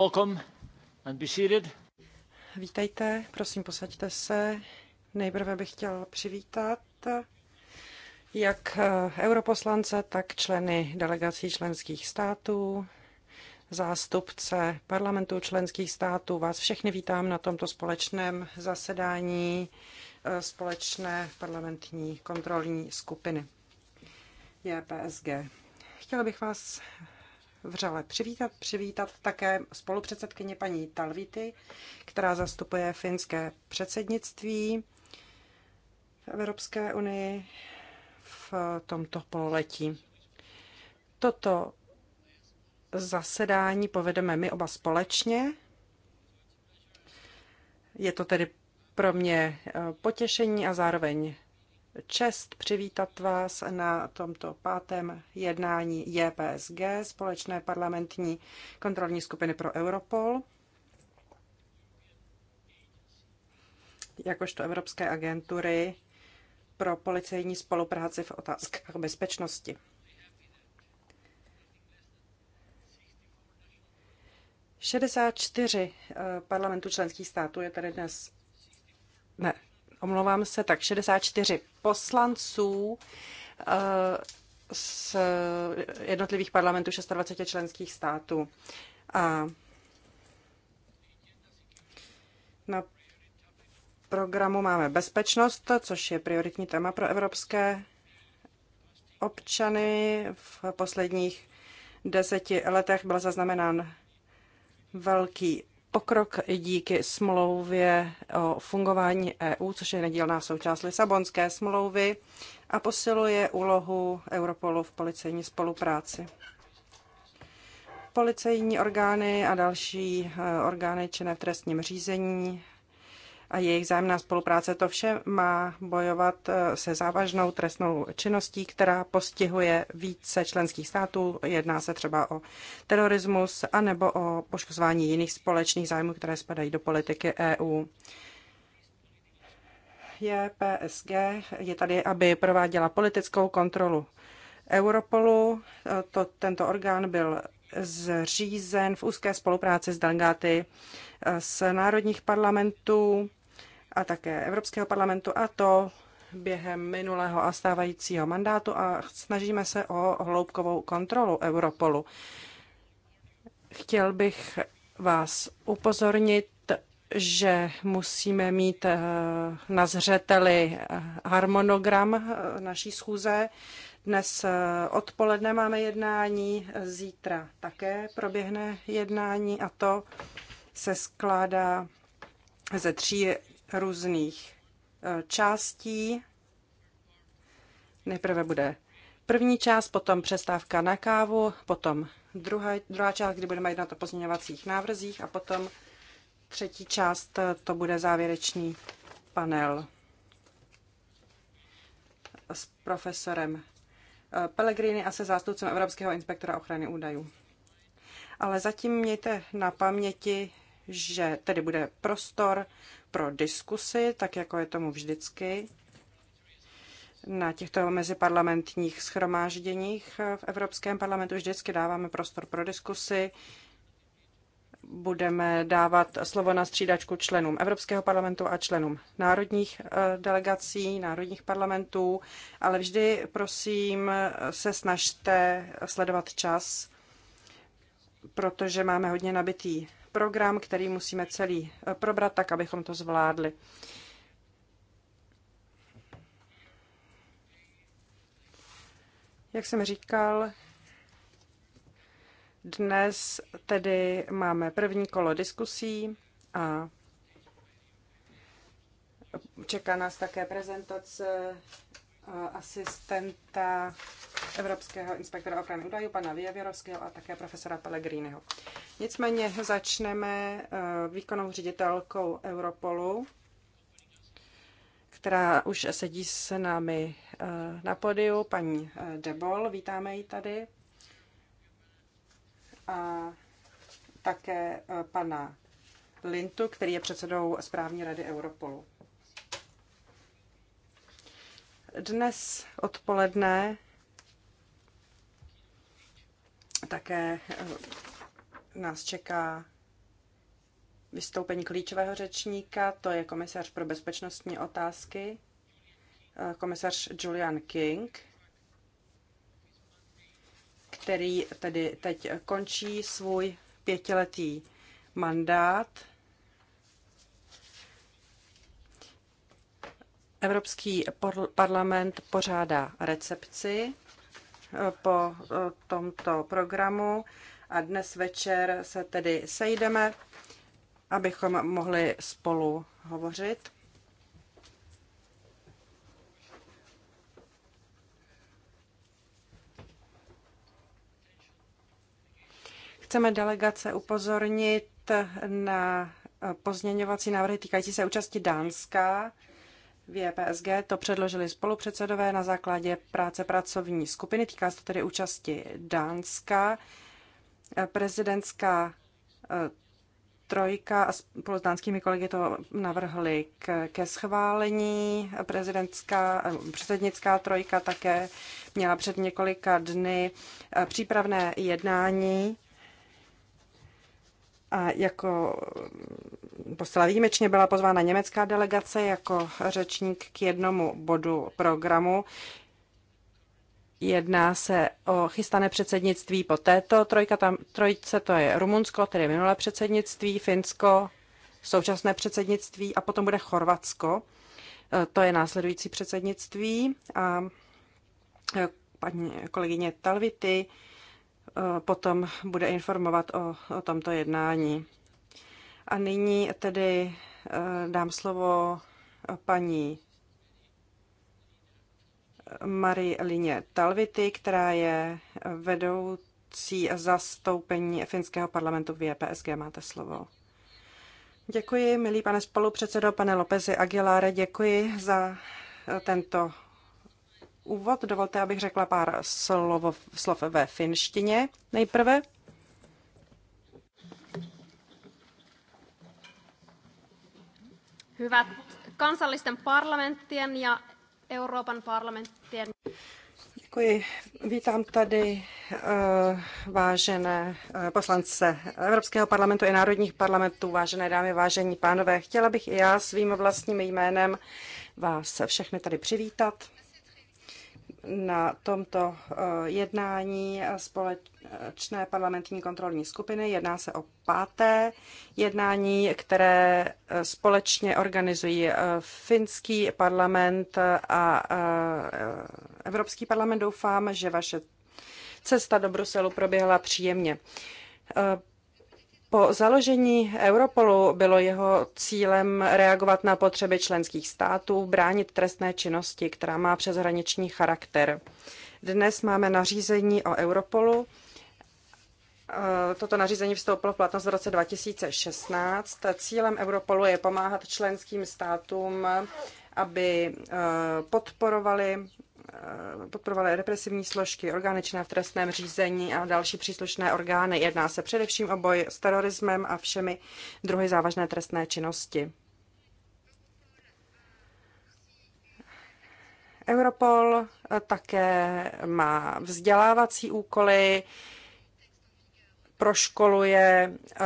Welcome and be seated. Vítejte, prosím, posaďte se. Nejprve bych chtěl přivítat jak eh, europoslance, tak členy delegací členských států, zástupce parlamentů členských států. Vás všechny vítám na tomto společném zasedání eh, společné parlamentní kontrolní skupiny JPSG. Chtěla bych vás vřele přivítat. Přivítat také spolupředsedkyně paní Talvity, která zastupuje finské předsednictví v Evropské unii v tomto pololetí. Toto zasedání povedeme my oba společně. Je to tedy pro mě eh, potěšení a zároveň čest přivítat vás na tomto pátém jednání JPSG, Společné parlamentní kontrolní skupiny pro Europol, jakožto Evropské agentury pro policejní spolupráci v otázkách bezpečnosti. Šedesát čtyři eh, parlamentů členských států je tady dnes. Ne, omlouvám se, tak 64 poslanců eh, z jednotlivých parlamentů 26 členských států. A na programu máme bezpečnost, což je prioritní téma pro evropské občany. V posledních deseti letech byl zaznamenán velký pokrok díky smlouvě o fungování EU, což je nedílná součást Lisabonské smlouvy a posiluje úlohu Europolu v policejní spolupráci. Policejní orgány a další eh, orgány činné v trestním řízení a jejich zájemná spolupráce. To vše má bojovat eh, se závažnou trestnou činností, která postihuje více členských států. Jedná se třeba o terorismus anebo o poškozování jiných společných zájmů, které spadají do politiky EU. Je PSG, je tady, aby prováděla politickou kontrolu Europolu. Eh, to, tento orgán byl zřízen v úzké spolupráci s delegáty eh, z národních parlamentů a také Evropského parlamentu a to během minulého a stávajícího mandátu a snažíme se o hloubkovou kontrolu Europolu. Chtěl bych vás upozornit, že musíme mít eh, na zřeteli eh, harmonogram eh, naší schůze. Dnes odpoledne máme jednání, zítra také proběhne jednání a to se skládá ze tří různých eh, částí. Nejprve bude první část, potom přestávka na kávu, potom druhá, druhá část, kdy budeme jednat o pozměňovacích návrzích a potom třetí část, eh, to bude závěrečný panel s profesorem eh, Pellegrini a se zástupcem Evropského inspektora ochrany údajů. Ale zatím mějte na paměti, že tedy bude prostor pro diskusy, tak jako je tomu vždycky na těchto meziparlamentních schromážděních v Evropském parlamentu vždycky dáváme prostor pro diskusy. Budeme dávat slovo na střídačku členům Evropského parlamentu a členům národních eh, delegací, národních parlamentů, ale vždy, prosím, se snažte sledovat čas, protože máme hodně nabitý program, který musíme celý eh, probrat tak, abychom to zvládli. Jak jsem říkal, dnes tedy máme první kolo diskusí a čeká nás také prezentace Eh, asistenta Evropského inspektora ochrany údajů, pana Věvěrovského a také profesora Pellegriniho. Nicméně začneme eh, výkonnou ředitelkou Europolu, která už sedí s námi eh, na podiu, paní Debol, vítáme ji tady. A také pana Lintu, který je předsedou správní rady Europolu. Dnes odpoledne také eh, nás čeká vystoupení klíčového řečníka, to je komisař pro bezpečnostní otázky, eh, komisař Julian King, který tedy teď končí svůj pětiletý mandát Evropský parlament pořádá recepci eh, po eh, tomto programu a dnes večer se tedy sejdeme, abychom mohli spolu hovořit. Chceme delegace upozornit na eh, pozměňovací návrhy týkající se účasti Dánska VPSG e to předložili spolupředsedové na základě práce pracovní skupiny. Týká se to tedy účasti Dánska. Prezidentská eh, trojka a spolu s dánskými kolegy to navrhli k, ke schválení. Prezidentská, eh, předsednická trojka také měla před několika dny eh, přípravné jednání a jako Postala výjimečně byla pozvána německá delegace jako řečník k jednomu bodu programu. Jedná se o chystané předsednictví po této trojka tam, trojce, to je Rumunsko, tedy minulé předsednictví, Finsko, současné předsednictví a potom bude Chorvatsko. E, to je následující předsednictví a e, paní kolegyně Talvity e, potom bude informovat o, o tomto jednání. A nyní tedy eh, dám slovo eh, paní eh, Marie Lině Talvity, která je vedoucí zastoupení finského parlamentu v JPSG. Máte slovo. Děkuji, milý pane spolupředsedo, pane Lopezi Aguiláre, děkuji za tento úvod. Dovolte, abych řekla pár slov, slov ve finštině nejprve. Hyvät kansallisten parlamenttien ja Euroopan parlamenttien. Děkuji. Vítám tady uh, vážené uh, poslance Evropského parlamentu i národních parlamentů, vážené dámy, vážení pánové. Chtěla bych i já svým vlastním jménem vás všechny tady přivítat na tomto eh, jednání společné parlamentní kontrolní skupiny. Jedná se o páté jednání, které eh, společně organizují eh, finský parlament a Evropský parlament. Doufám, že vaše cesta do Bruselu proběhla příjemně. Po založení Europolu bylo jeho cílem reagovat na potřeby členských států, bránit trestné činnosti, která má přeshraniční charakter. Dnes máme nařízení o Europolu. Toto nařízení vstoupilo v platnost v roce 2016. Cílem Europolu je pomáhat členským státům, aby eh, podporovali podporovaly represivní složky, orgány činné v trestném řízení a další příslušné orgány. Jedná se především o boj s terorismem a všemi druhy závažné trestné činnosti. Europol také má vzdělávací úkoly, proškoluje eh,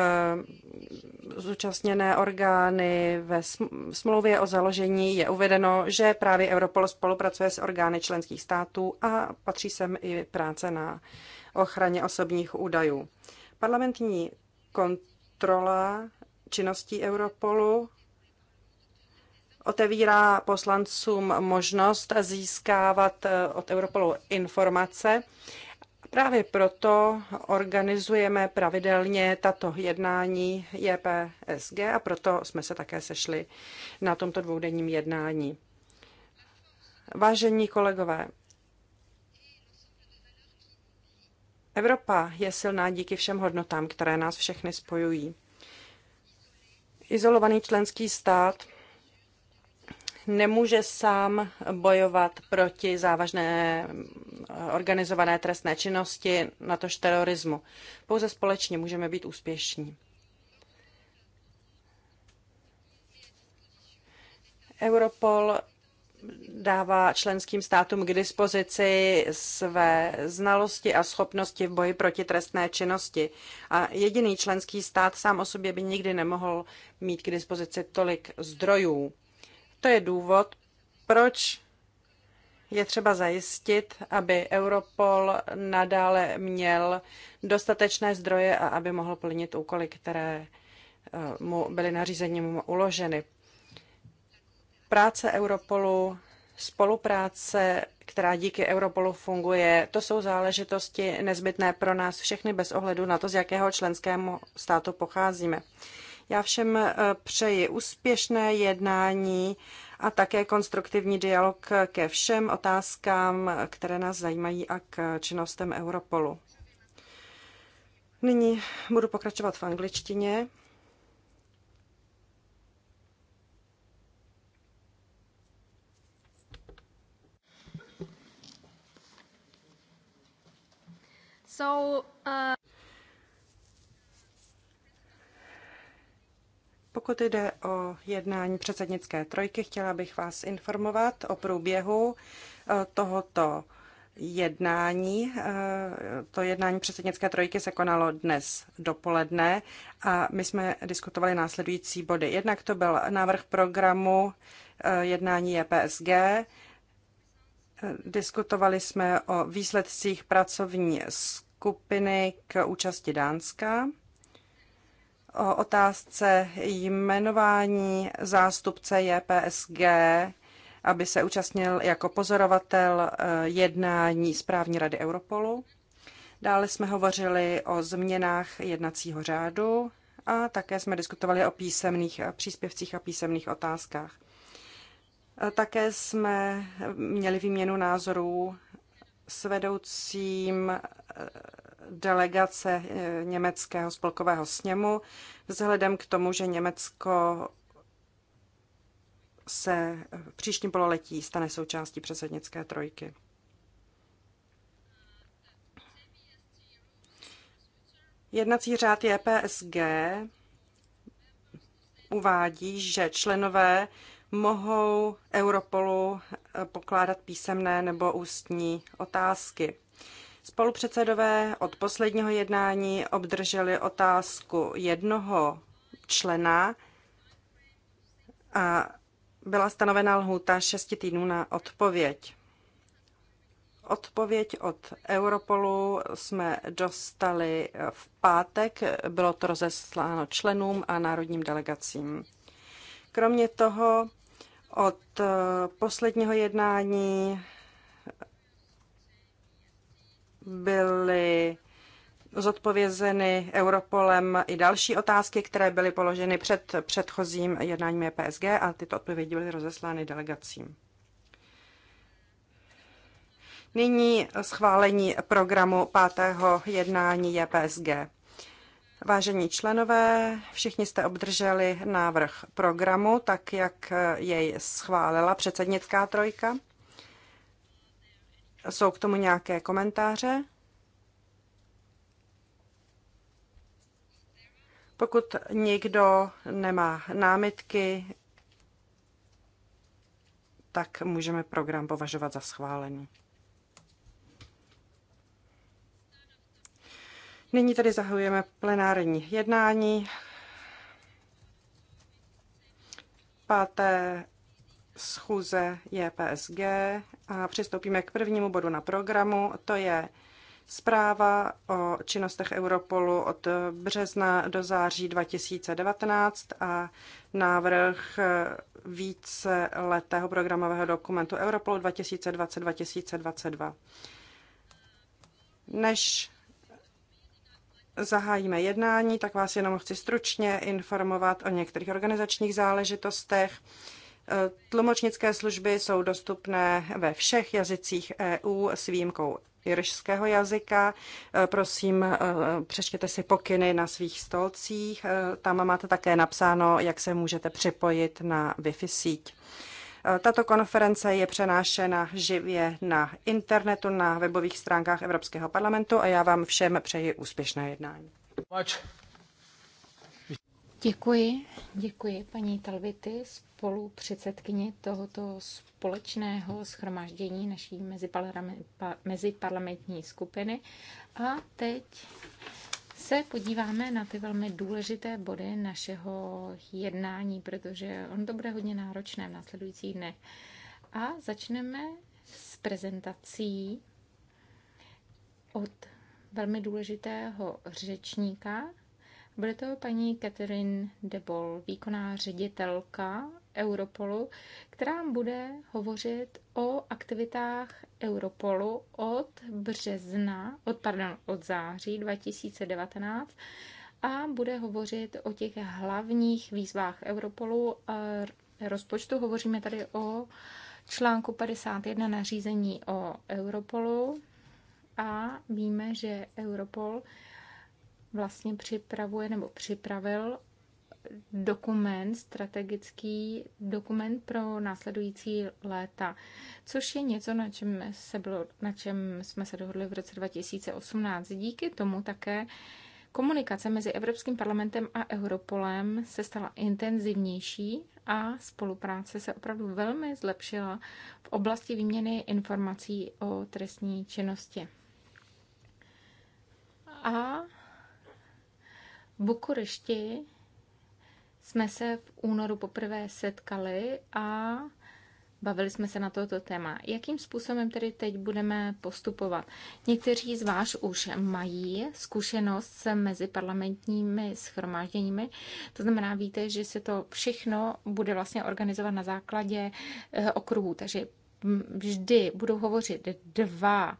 zúčastněné orgány. Ve smlouvě o založení je uvedeno, že právě Europol spolupracuje s orgány členských států a patří sem i práce na ochraně osobních údajů. Parlamentní kontrola činností Europolu otevírá poslancům možnost získávat eh, od Europolu informace Právě proto organizujeme pravidelně tato jednání JPSG a proto jsme se také sešli na tomto dvoudenním jednání. Vážení kolegové, Evropa je silná díky všem hodnotám, které nás všechny spojují. Izolovaný členský stát nemůže sám bojovat proti závažné eh, organizované trestné činnosti, natož terorismu. Pouze společně můžeme být úspěšní. Europol dává členským státům k dispozici své znalosti a schopnosti v boji proti trestné činnosti. A jediný členský stát sám o sobě by nikdy nemohl mít k dispozici tolik zdrojů. To je důvod, proč je třeba zajistit, aby Europol nadále měl dostatečné zdroje a aby mohl plnit úkoly, které eh, mu byly nařízením uloženy. Práce Europolu, spolupráce, která díky Europolu funguje, to jsou záležitosti nezbytné pro nás všechny bez ohledu na to, z jakého členského státu pocházíme. Já všem eh, přeji úspěšné jednání a také konstruktivní dialog ke všem otázkám, které nás zajímají a k činnostem Europolu. Nyní budu pokračovat v angličtině. So, uh... Pokud jde o jednání předsednické trojky, chtěla bych vás informovat o průběhu eh, tohoto jednání. Eh, to jednání předsednické trojky se konalo dnes dopoledne a my jsme diskutovali následující body. Jednak to byl návrh programu eh, jednání EPSG, diskutovali jsme o výsledcích pracovní skupiny k účasti Dánska, o otázce jmenování zástupce JPSG, aby se účastnil jako pozorovatel eh, jednání správní rady Europolu. Dále jsme hovořili o změnách jednacího řádu a také jsme diskutovali o písemných eh, příspěvcích a písemných otázkách. Eh, také jsme měli výměnu názorů s vedoucím delegace eh, Německého spolkového sněmu, vzhledem k tomu, že Německo se v příštím pololetí stane součástí předsednické trojky. Jednací řád JPSG uvádí, že členové mohou Europolu eh, pokládat písemné nebo ústní otázky. Spolupředsedové od posledního jednání obdrželi otázku jednoho člena a byla stanovena lhůta 6 týdnů na odpověď. Odpověď od Europolu jsme dostali v pátek, bylo to rozesláno členům a národním delegacím. Kromě toho od posledního jednání byly zodpovězeny Europolem i další otázky, které byly položeny před předchozím jednáním EPSG a tyto odpovědi byly rozeslány delegacím. Nyní schválení programu pátého jednání JPSG. Vážení členové, všichni jste obdrželi návrh programu, tak jak jej schválila předsednická trojka. Jsou k tomu nějaké komentáře? Pokud někdo nemá námitky, tak můžeme program považovat za schválený. Nyní tedy zahajujeme plenární jednání. 5 schůze JPSG a přistoupíme k prvnímu bodu na programu, to je zpráva o činnostech Europolu od března do září 2019 a návrh více letého programového dokumentu Europolu 2020-2022. Než zahájíme jednání, tak vás jenom chci stručně informovat o některých organizačních záležitostech. Tlumočnické služby jsou dostupné ve všech jazycích EU s výjimkou irského jazyka. Prosím, eh, přečtěte si pokyny na svých stolcích. Eh, Tam máte také napsáno, jak se můžete připojit na Wi-Fi síť. Eh, Tato konference je přenášena živě na internetu, na webových stránkách Evropského parlamentu a já vám všem přeji úspěšné jednání. Much. Děkuji, děkuji paní Talvity, spolu předsedkyně tohoto společného schromáždění naší meziparlamentní skupiny. A teď se podíváme na ty velmi důležité body našeho jednání, protože on to bude hodně náročné v následujících dnech. A začneme s prezentací od velmi důležitého řečníka, bude to paní Catherine Debol, výkonná ředitelka Europolu, která bude hovořit o aktivitách Europolu od března, od, pardon, od září 2019 a bude hovořit o těch hlavních výzvách Europolu a rozpočtu. Hovoříme tady o článku 51 nařízení o Europolu a víme, že Europol vlastně připravuje nebo připravil dokument, strategický dokument pro následující léta, což je něco, na čem, se bylo, na čem jsme se dohodli v roce 2018. Díky tomu také komunikace mezi Evropským parlamentem a Europolem se stala intenzivnější a spolupráce se opravdu velmi zlepšila v oblasti výměny informací o trestní činnosti. A v Bukurešti jsme se v únoru poprvé setkali a bavili jsme se na toto téma. Jakým způsobem tedy teď budeme postupovat? Někteří z vás už mají zkušenost s meziparlamentními schromážděními, to znamená, víte, že se to všechno bude vlastně organizovat na základě eh, okruhů, takže mm, vždy budou hovořit dva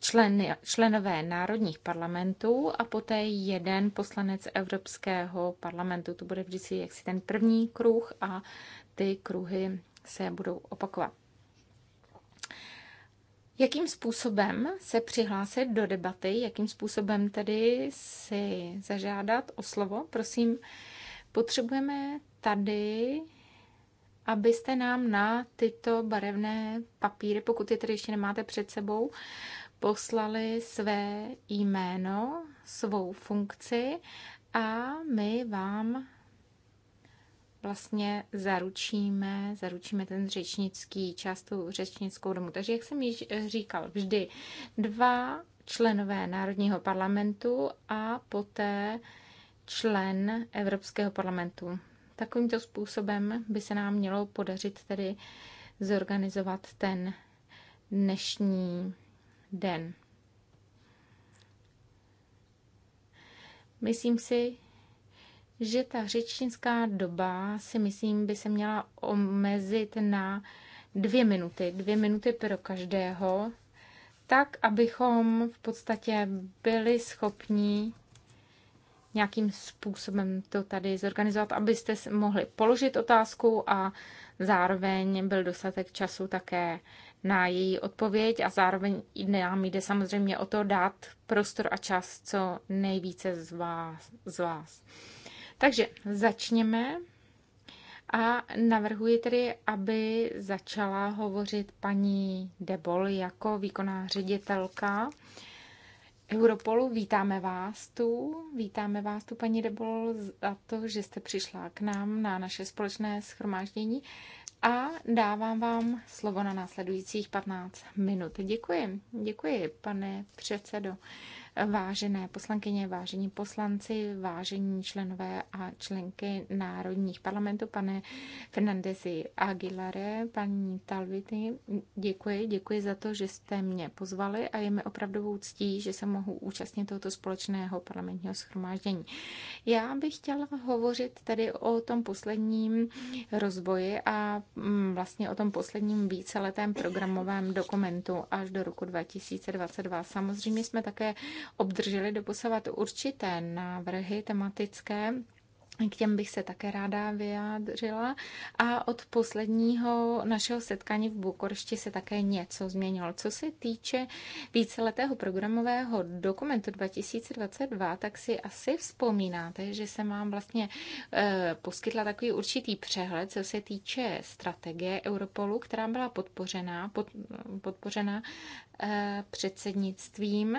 členy, členové národních parlamentů a poté jeden poslanec Evropského parlamentu. To bude vždycky jaksi ten první kruh a ty kruhy se budou opakovat. Jakým způsobem se přihlásit do debaty, jakým způsobem tedy si zažádat o slovo? Prosím, potřebujeme tady, abyste nám na tyto barevné papíry, pokud je tady ještě nemáte před sebou, poslali své jméno, svou funkci a my vám vlastně zaručíme, zaručíme ten řečnický čas, tu řečnickou domu. Takže jak jsem již říkal, vždy dva členové Národního parlamentu a poté člen Evropského parlamentu. Takovýmto způsobem by se nám mělo podařit tedy zorganizovat ten dnešní den. Myslím si, že ta řečnická doba si myslím by se měla omezit na dvě minuty, dvě minuty pro každého, tak, abychom v podstatě byli schopni nějakým způsobem to tady zorganizovat, abyste mohli položit otázku a zároveň byl dostatek času také na její odpověď a zároveň nám jde samozřejmě o to dát prostor a čas co nejvíce z vás. Z vás. Takže začněme. A navrhuji tedy, aby začala hovořit paní Debol jako výkonná ředitelka Europolu. Vítáme vás tu, vítáme vás tu, paní Debol, za to, že jste přišla k nám na naše společné schromáždění a dávám vám slovo na následujících 15 minut. Děkuji, děkuji, pane předsedo vážené poslankyně, vážení poslanci, vážení členové a členky národních parlamentů, pane Fernandezi Aguilare, paní Talvity, děkuji, děkuji za to, že jste mě pozvali a je mi opravdovou ctí, že se mohu účastnit tohoto společného parlamentního schromáždění. Já bych chtěla hovořit tedy o tom posledním rozvoji a mm, vlastně o tom posledním víceletém programovém dokumentu až do roku 2022. Samozřejmě jsme také obdrželi doposovat určité návrhy tematické, k těm bych se také ráda vyjádřila. A od posledního našeho setkání v Bukorešti se také něco změnilo. Co se týče víceletého programového dokumentu 2022, tak si asi vzpomínáte, že jsem vám vlastně e, poskytla takový určitý přehled, co se týče strategie Europolu, která byla podpořena, pod, podpořena e, předsednictvím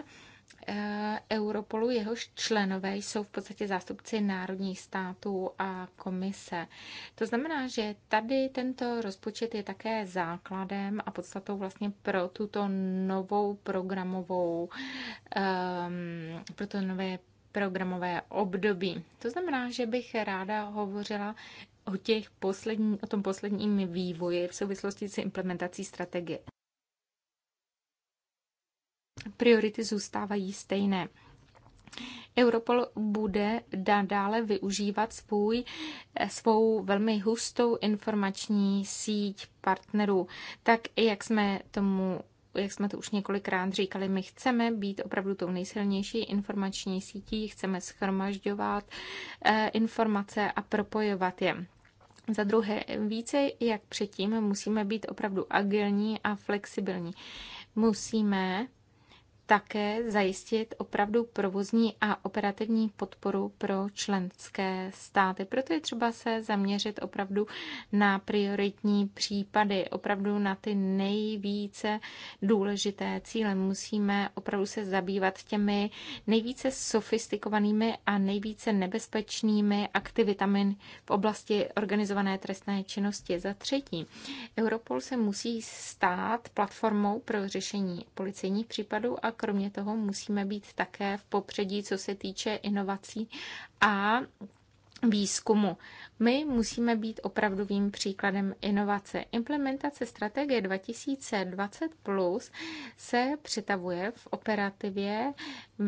Eh, Europolu, jehož členové jsou v podstatě zástupci národních států a komise. To znamená, že tady tento rozpočet je také základem a podstatou vlastně pro tuto novou programovou, um, pro to nové programové období. To znamená, že bych ráda hovořila o, těch poslední, o tom posledním vývoji v souvislosti s implementací strategie priority zůstávají stejné. Europol bude dále využívat svůj, svou velmi hustou informační síť partnerů. Tak, jak jsme tomu jak jsme to už několikrát říkali, my chceme být opravdu tou nejsilnější informační sítí, chceme schromažďovat eh, informace a propojovat je. Za druhé, více jak předtím musíme být opravdu agilní a flexibilní. Musíme také zajistit opravdu provozní a operativní podporu pro členské státy. Proto je třeba se zaměřit opravdu na prioritní případy, opravdu na ty nejvíce důležité cíle. Musíme opravdu se zabývat těmi nejvíce sofistikovanými a nejvíce nebezpečnými aktivitami v oblasti organizované trestné činnosti. Za třetí, Europol se musí stát platformou pro řešení policejních případů a kromě toho musíme být také v popředí, co se týče inovací a výzkumu. My musíme být opravdovým příkladem inovace. Implementace strategie 2020 plus se přetavuje v operativě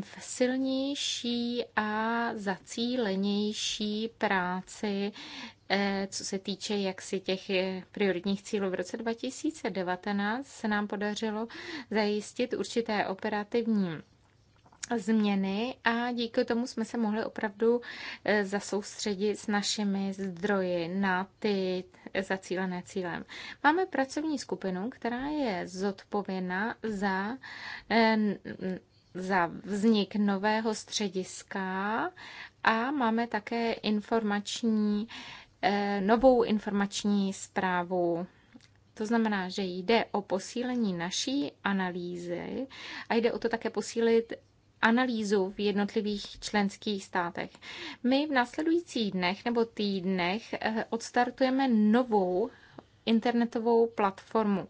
v silnější a zacílenější práci eh, co se týče jaksi těch eh, prioritních cílů v roce 2019, se nám podařilo zajistit určité operativní změny a díky tomu jsme se mohli opravdu eh, zasoustředit s našimi zdroji na ty zacílené cílem. Máme pracovní skupinu, která je zodpovědná za eh, za vznik nového střediska a máme také informační, eh, novou informační zprávu to znamená, že jde o posílení naší analýzy a jde o to také posílit analýzu v jednotlivých členských státech. My v následujících dnech nebo týdnech eh, odstartujeme novou internetovou platformu.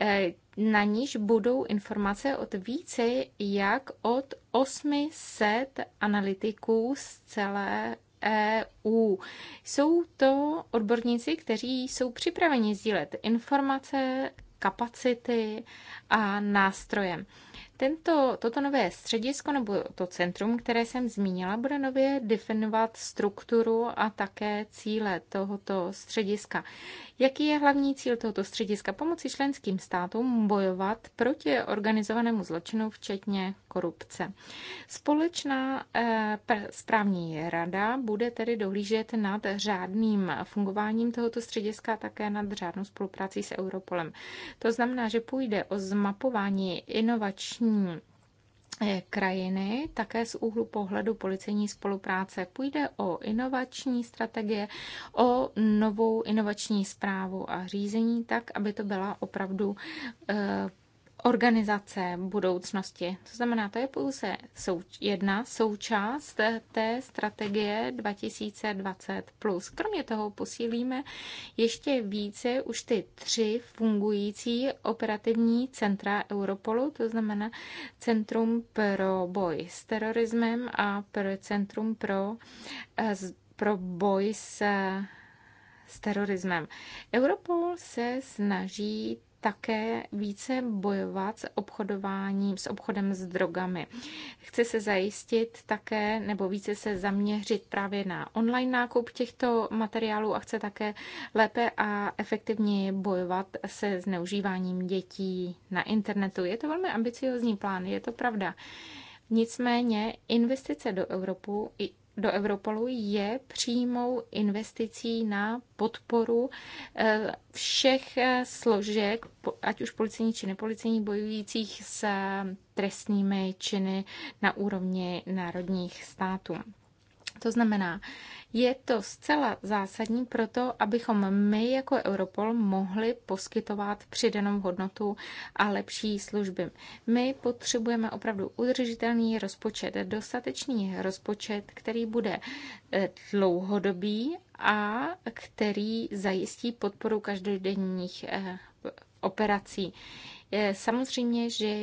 Eh, na níž budou informace od více jak od 800 analytiků z celé EU. Jsou to odborníci, kteří jsou připraveni sdílet informace, kapacity a nástroje. Tento, toto nové středisko nebo to centrum, které jsem zmínila, bude nově definovat strukturu a také cíle tohoto střediska. Jaký je hlavní cíl tohoto střediska? Pomoci členským státům bojovat proti organizovanému zločinu, včetně korupce. Společná eh, správní rada bude tedy dohlížet nad řádným fungováním tohoto střediska a také nad řádnou spoluprací s Europolem. To znamená, že půjde o zmapování inovační E, krajiny, také z úhlu pohledu policejní spolupráce. Půjde o inovační strategie, o novou inovační zprávu a řízení, tak, aby to byla opravdu e, organizace budoucnosti. To znamená, to je pouze souč- jedna součást té strategie 2020+. Plus. Kromě toho posílíme ještě více už ty tři fungující operativní centra Europolu, to znamená Centrum pro boj s terorismem a pro Centrum pro, eh, pro boj s eh, s terorismem. Europol se snaží také více bojovat s obchodováním, s obchodem s drogami. Chce se zajistit také nebo více se zaměřit právě na online nákup těchto materiálů a chce také lépe a efektivněji bojovat se zneužíváním dětí na internetu. Je to velmi ambiciozní plán, je to pravda. Nicméně investice do Evropu, do Europolu je přímou investicí na podporu eh, všech eh, složek, ať už policejní či nepolicejní, bojujících s eh, trestními činy na úrovni národních států. To znamená, je to zcela zásadní pro to, abychom my jako Europol mohli poskytovat přidanou hodnotu a lepší služby. My potřebujeme opravdu udržitelný rozpočet, dostatečný rozpočet, který bude eh, dlouhodobý a který zajistí podporu každodenních eh, operací. Samozřejmě, že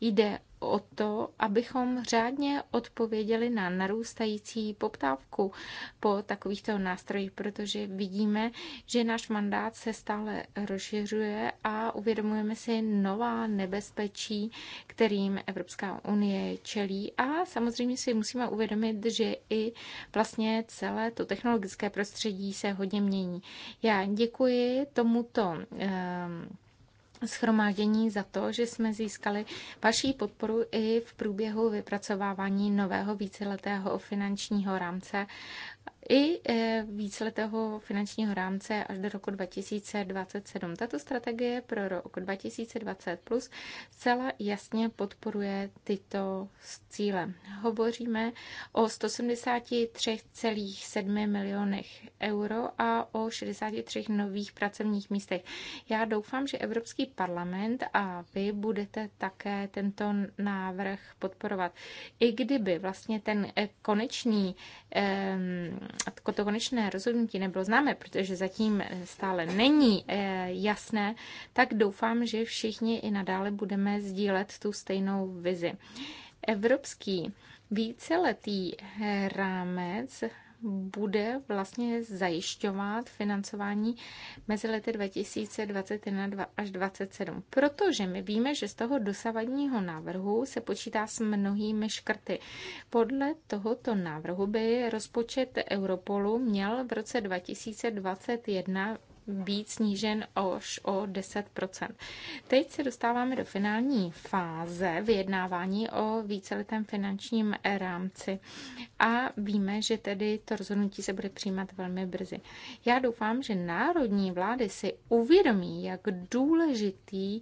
jde o to, abychom řádně odpověděli na narůstající poptávku po takovýchto nástrojích, protože vidíme, že náš mandát se stále rozšiřuje a uvědomujeme si nová nebezpečí, kterým Evropská unie čelí. A samozřejmě si musíme uvědomit, že i vlastně celé to technologické prostředí se hodně mění. Já děkuji tomuto ehm, schromáždění za to, že jsme získali vaší podporu i v průběhu vypracovávání nového víceletého finančního rámce i e, víceletého finančního rámce až do roku 2027. Tato strategie pro rok 2020 plus zcela jasně podporuje tyto cíle. Hovoříme o 173,7 milionech euro a o 63 nových pracovních místech. Já doufám, že Evropský parlament a vy budete také tento návrh podporovat. I kdyby vlastně ten e, konečný to konečné rozhodnutí nebylo známé, protože zatím eh, stále není eh, jasné, tak doufám, že všichni i nadále budeme sdílet tu stejnou vizi. Evropský víceletý eh, rámec bude vlastně zajišťovat financování mezi lety 2021 až 2027. Protože my víme, že z toho dosavadního návrhu se počítá s mnohými škrty. Podle tohoto návrhu by rozpočet Europolu měl v roce 2021 být snížen až o 10 Teď se dostáváme do finální fáze vyjednávání o víceletém finančním rámci a víme, že tedy to rozhodnutí se bude přijímat velmi brzy. Já doufám, že národní vlády si uvědomí, jak důležitý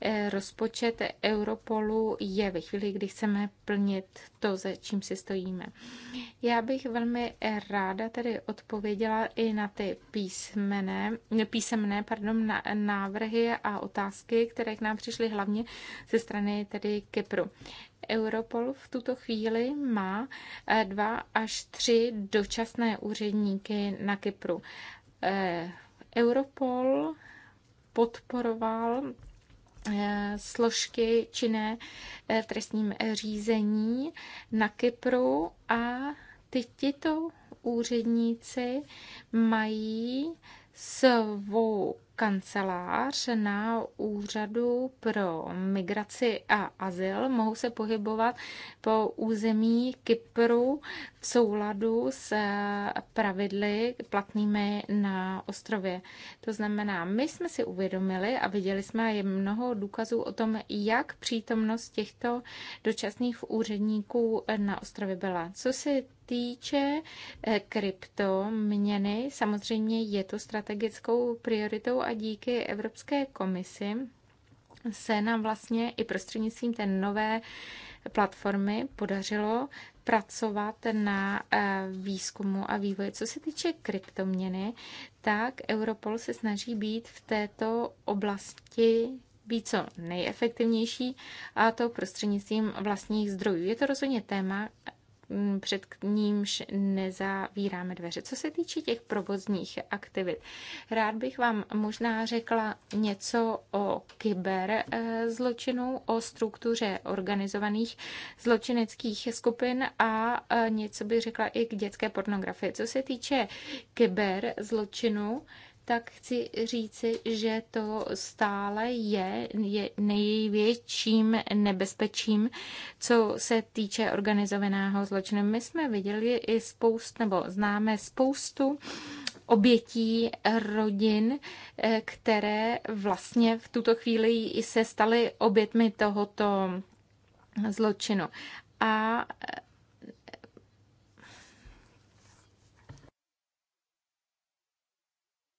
Eh, rozpočet Europolu je ve chvíli, kdy chceme plnit to, za čím si stojíme. Já bych velmi ráda tedy odpověděla i na ty písmené, písemné pardon, na, návrhy a otázky, které k nám přišly hlavně ze strany tedy Kypru. Europol v tuto chvíli má eh, dva až tři dočasné úředníky na Kypru. Eh, Europol podporoval Eh, složky činné eh, v trestním eh, řízení na Kypru a ty, tito úředníci mají svou kancelář na úřadu pro migraci a azyl mohou se pohybovat po území Kypru v souladu s pravidly platnými na ostrově. To znamená, my jsme si uvědomili a viděli jsme je mnoho důkazů o tom, jak přítomnost těchto dočasných úředníků na ostrově byla. Co si týče eh, kryptoměny, samozřejmě je to strategickou prioritou a díky Evropské komisi se nám vlastně i prostřednictvím té nové platformy podařilo pracovat na eh, výzkumu a vývoji. Co se týče kryptoměny, tak Europol se snaží být v této oblasti být co nejefektivnější a to prostřednictvím vlastních zdrojů. Je to rozhodně téma, Mm, před nímž nezavíráme dveře. Co se týče těch provozních aktivit, rád bych vám možná řekla něco o kyberzločinu, eh, o struktuře organizovaných zločineckých skupin a eh, něco bych řekla i k dětské pornografii. Co se týče kyberzločinu, tak chci říci, že to stále je, je největším nebezpečím, co se týče organizovaného zločinu. My jsme viděli i spoustu, nebo známe spoustu obětí rodin, eh, které vlastně v tuto chvíli se staly obětmi tohoto zločinu. A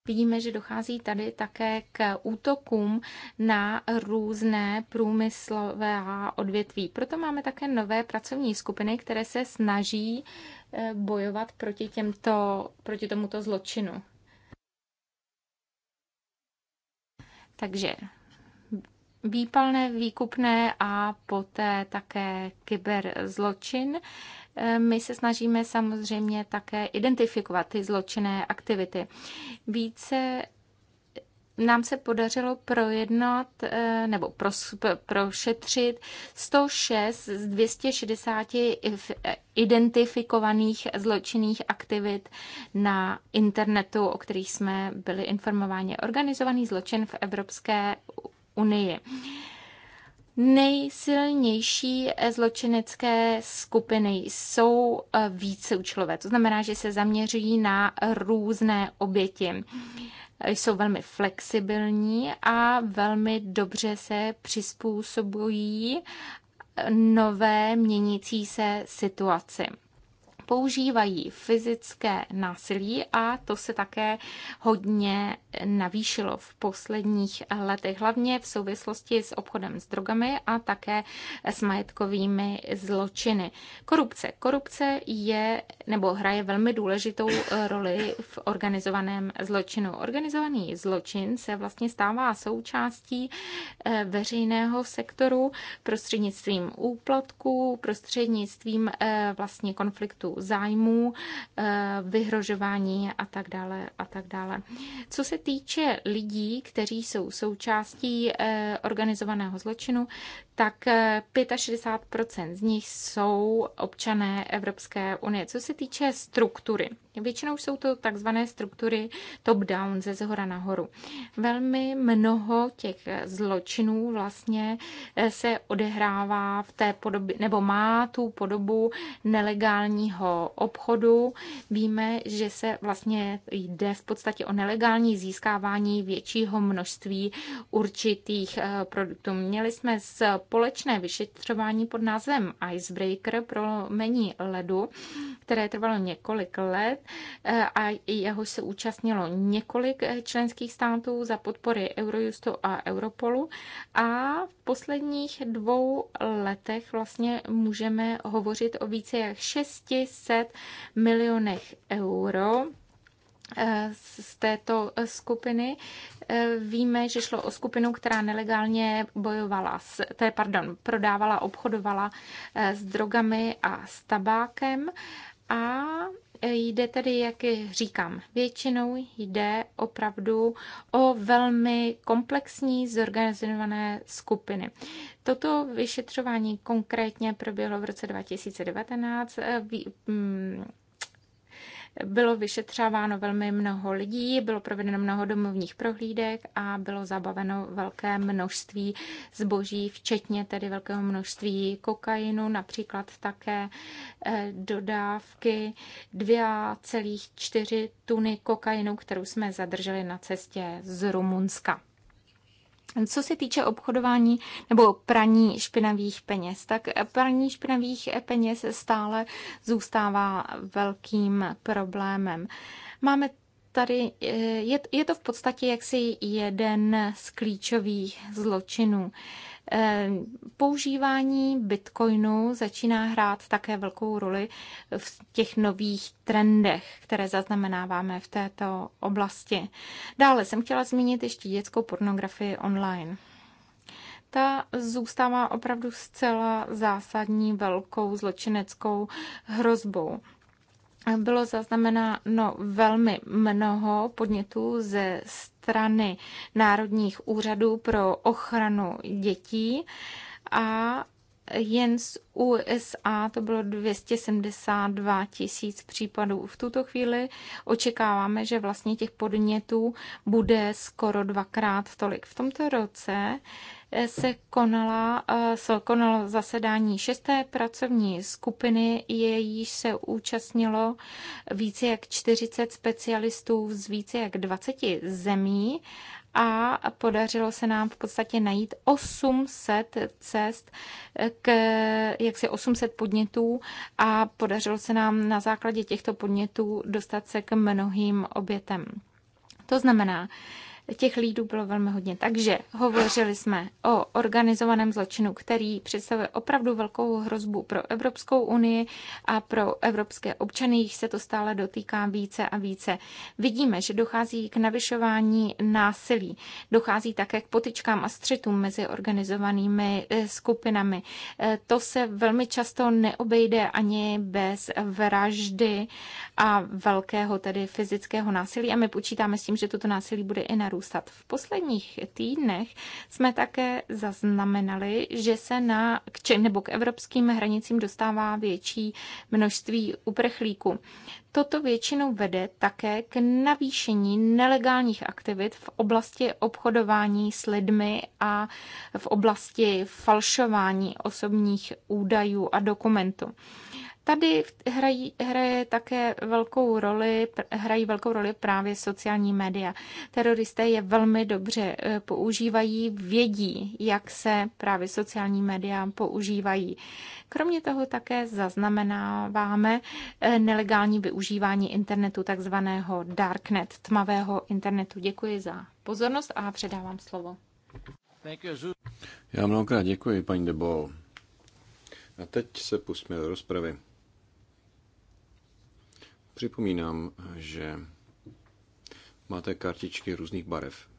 Vidíme, že dochází tady také k útokům na různé průmyslové odvětví. Proto máme také nové pracovní skupiny, které se snaží eh, bojovat proti, těmto, proti tomuto zločinu. Takže výpalné, výkupné a poté také kyberzločin my se snažíme samozřejmě také identifikovat ty zločinné aktivity. Více nám se podařilo projednat eh, nebo pros, prošetřit 106 z 260 identifikovaných zločinných aktivit na internetu, o kterých jsme byli informováni. Organizovaný zločin v Evropské unii. Nejsilnější eh, zločinecké skupiny jsou eh, víceúčelové, to znamená, že se zaměřují na různé oběti. Jsou velmi flexibilní a velmi dobře se přizpůsobují eh, nové měnící se situaci používají fyzické násilí a to se také hodně navýšilo v posledních letech, hlavně v souvislosti s obchodem s drogami a také s majetkovými zločiny. Korupce. Korupce je nebo hraje velmi důležitou roli v organizovaném zločinu. Organizovaný zločin se vlastně stává součástí eh, veřejného sektoru prostřednictvím úplatků, prostřednictvím eh, vlastně konfliktů zájmů, eh, vyhrožování a tak dále a tak dále. Co se týče lidí, kteří jsou součástí eh, organizovaného zločinu, tak 65% eh, z nich jsou občané Evropské unie. Co se týče struktury, Většinou jsou to takzvané struktury top-down, ze zhora nahoru. Velmi mnoho těch zločinů vlastně eh, se odehrává v té podobě, nebo má tu podobu nelegálního obchodu. Víme, že se vlastně jde v podstatě o nelegální získávání většího množství určitých eh, produktů. Měli jsme společné vyšetřování pod názvem Icebreaker pro mení ledu, které trvalo několik let Eh, a jeho se účastnilo několik eh, členských států za podpory Eurojustu a Europolu a v posledních dvou letech vlastně můžeme hovořit o více jak 600 milionech euro eh, z této skupiny. Víme, že šlo o skupinu, která nelegálně bojovala, s, té, pardon, prodávala, obchodovala s drogami a s tabákem a jde tedy, jak říkám, většinou jde opravdu o velmi komplexní zorganizované skupiny. Toto vyšetřování konkrétně proběhlo v roce 2019. Bylo vyšetřováno velmi mnoho lidí, bylo provedeno mnoho domovních prohlídek a bylo zabaveno velké množství zboží, včetně tedy velkého množství kokainu, například také eh, dodávky 2,4 tuny kokainu, kterou jsme zadrželi na cestě z Rumunska. Co se týče obchodování nebo praní špinavých peněz, tak praní špinavých peněz stále zůstává velkým problémem. Máme tady, eh, je, je to v podstatě jaksi jeden z klíčových zločinů používání bitcoinu začíná hrát také velkou roli v těch nových trendech, které zaznamenáváme v této oblasti. Dále jsem chtěla zmínit ještě dětskou pornografii online ta zůstává opravdu zcela zásadní velkou zločineckou hrozbou bylo zaznamenáno velmi mnoho podnětů ze strany národních úřadů pro ochranu dětí a jen z USA to bylo 272 tisíc případů. V tuto chvíli očekáváme, že vlastně těch podnětů bude skoro dvakrát tolik. V tomto roce eh, se, konala, eh, se konalo zasedání šesté pracovní skupiny, jejíž se účastnilo více jak 40 specialistů z více jak 20 zemí a podařilo se nám v podstatě najít 800 cest k jaksi 800 podnětů a podařilo se nám na základě těchto podnětů dostat se k mnohým obětem. To znamená, těch lídů bylo velmi hodně. Takže hovořili jsme o organizovaném zločinu, který představuje opravdu velkou hrozbu pro Evropskou unii a pro evropské občany, jich se to stále dotýká více a více. Vidíme, že dochází k navyšování násilí, dochází také k potičkám a střetům mezi organizovanými eh, skupinami. Eh, to se velmi často neobejde ani bez vraždy a velkého tedy fyzického násilí a my počítáme s tím, že toto násilí bude i na narůstat. V posledních týdnech jsme také zaznamenali, že se na, k, či, nebo k evropským hranicím dostává větší množství uprchlíků. Toto většinou vede také k navýšení nelegálních aktivit v oblasti obchodování s lidmi a v oblasti falšování osobních údajů a dokumentů. Tady hrají, hraje také velkou roli, hrají velkou roli právě sociální média. Teroristé je velmi dobře eh, používají, vědí, jak se právě sociální média používají. Kromě toho také zaznamenáváme eh, nelegální využívání internetu, takzvaného darknet, tmavého internetu. Děkuji za pozornost a předávám slovo. Já mnohokrát děkuji, paní Debo. A teď se pustíme do rozpravy. Připomínám, že máte kartičky různých barev.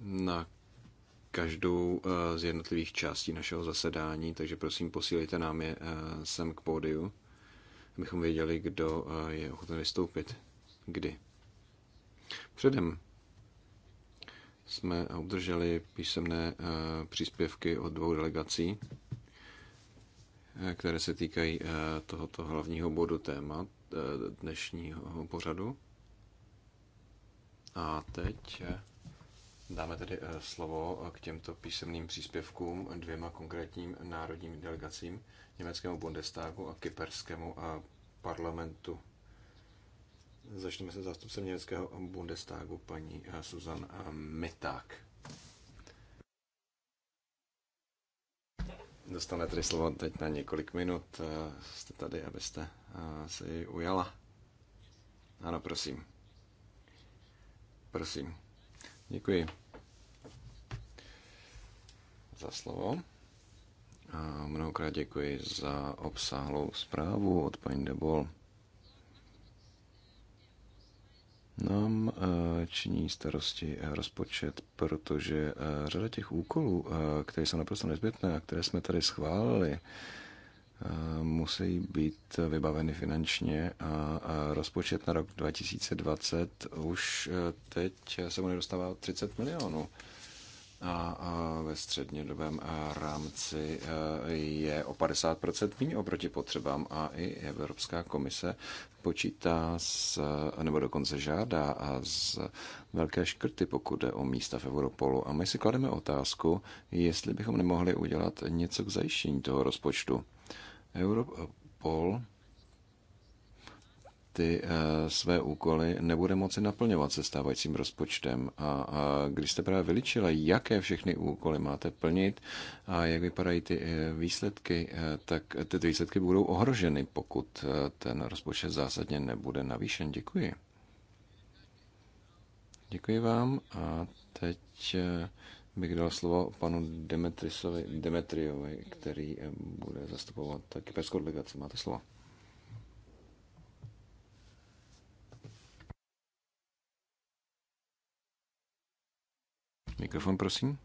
Na každou eh, z jednotlivých částí našeho zasedání, takže prosím posílejte nám je eh, sem k pódiu, abychom věděli, kdo eh, je ochoten vystoupit, kdy. Předem jsme obdrželi písemné příspěvky od dvou delegací které se týkají eh, tohoto hlavního bodu téma eh, dnešního pořadu. A teď eh, dáme tedy slovo k těmto písemným příspěvkům dvěma konkrétním národním delegacím, německému Bundestagu a kyperskému parlamentu. Začneme se zástupcem německého Bundestagu, paní Susan Miták. Dostane tady slovo teď na několik minut. Eh, jste tady, abyste eh, se ji ujala. Ano, prosím. Prosím. Děkuji za slovo. A mnohokrát děkuji za obsáhlou zprávu od paní Debol. nám eh, činí starosti eh, rozpočet, protože eh, řada těch úkolů, které jsou naprosto nezbytné a které jsme tady schválili, musí být vybaveny finančně a rozpočet na rok 2020 už teď se mu nedostává 30 milionů a ve střednědobém rámci je o 50% méně oproti potřebám a i Evropská komise počítá s, nebo dokonce žádá a z velké škrty, pokud jde o místa v Europolu. A my si klademe otázku, jestli bychom nemohli udělat něco k zajištění toho rozpočtu. Europol ty eh, své úkoly nebude moci naplňovat se stávajícím rozpočtem. A, když jste právě vyličila, jaké všechny úkoly máte plnit a jak vypadají ty eh, výsledky, eh, tak ty výsledky budou ohroženy, pokud ten rozpočet zásadně nebude navýšen. Děkuji. Děkuji vám a teď bych dal slovo panu Demetrisovi, Demetriovi, který bude zastupovat kyperskou delegaci. Máte slovo. Mikrofon, prosím.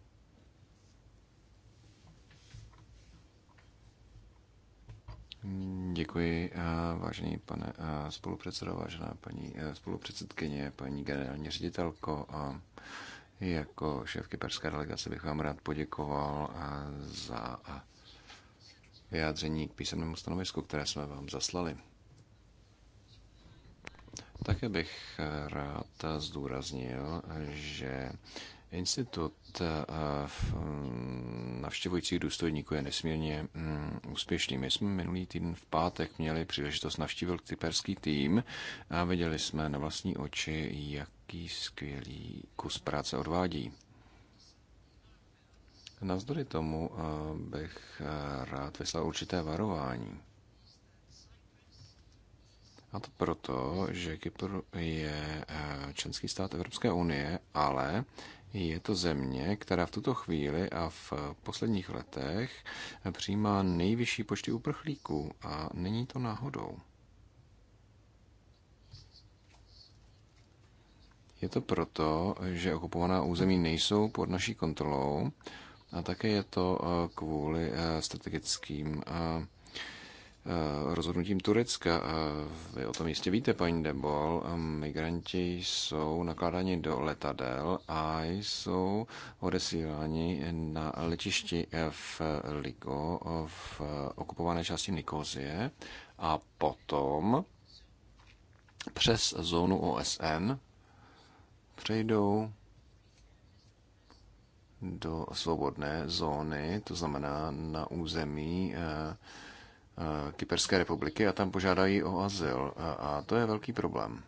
Děkuji, eh, vážený pane eh, spolupředsedo, vážená paní eh, spolupředsedkyně, paní generální ředitelko. Jako šéf kyperské delegace bych vám rád poděkoval za vyjádření k písemnému stanovisku, které jsme vám zaslali. Také bych rád zdůraznil, že Institut eh, mm, navštěvujících důstojníků je nesmírně mm, úspěšný. My jsme minulý týden v pátek měli příležitost navštívit cyperský tým a viděli jsme na vlastní oči, jaký skvělý kus práce odvádí. Navzdory tomu eh, bych eh, rád vyslal určité varování. A to proto, že Kypr je členský stát Evropské unie, ale je to země, která v tuto chvíli a v posledních letech přijímá nejvyšší počty uprchlíků a není to náhodou. Je to proto, že okupovaná území nejsou pod naší kontrolou a také je to eh, kvůli eh, strategickým eh, Eh, rozhodnutím Turecka. Eh, vy o tom jistě víte, paní Debol. Eh, migranti jsou nakládáni do letadel a jsou odesíláni na letišti v Ligo v okupované části Nikozie a potom přes zónu OSN přejdou do svobodné zóny, to znamená na území eh, Eh, Kyperské republiky a tam požádají o azyl. A to je velký problém.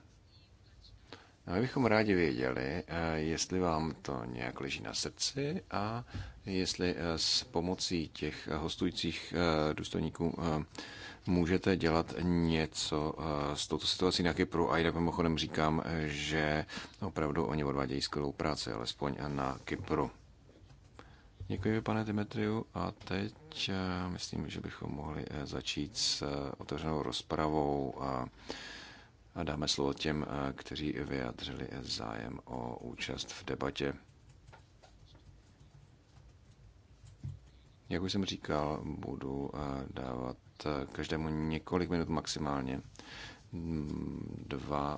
My bychom rádi věděli, eh, jestli vám to nějak leží na srdci a jestli eh, s pomocí těch hostujících důstojníků můžete dělat něco s touto situací na Kypru. A jinak mimochodem říkám, že opravdu oni odvádějí skvělou práci, alespoň na Kypru. Děkuji, pane Dimitriu. A teď eh, myslím, že bychom mohli eh, začít s eh, otevřenou rozpravou a dáme slovo těm, kteří vyjádřili zájem o účast v debatě. Jak už jsem říkal, budu dávat každému několik minut maximálně dva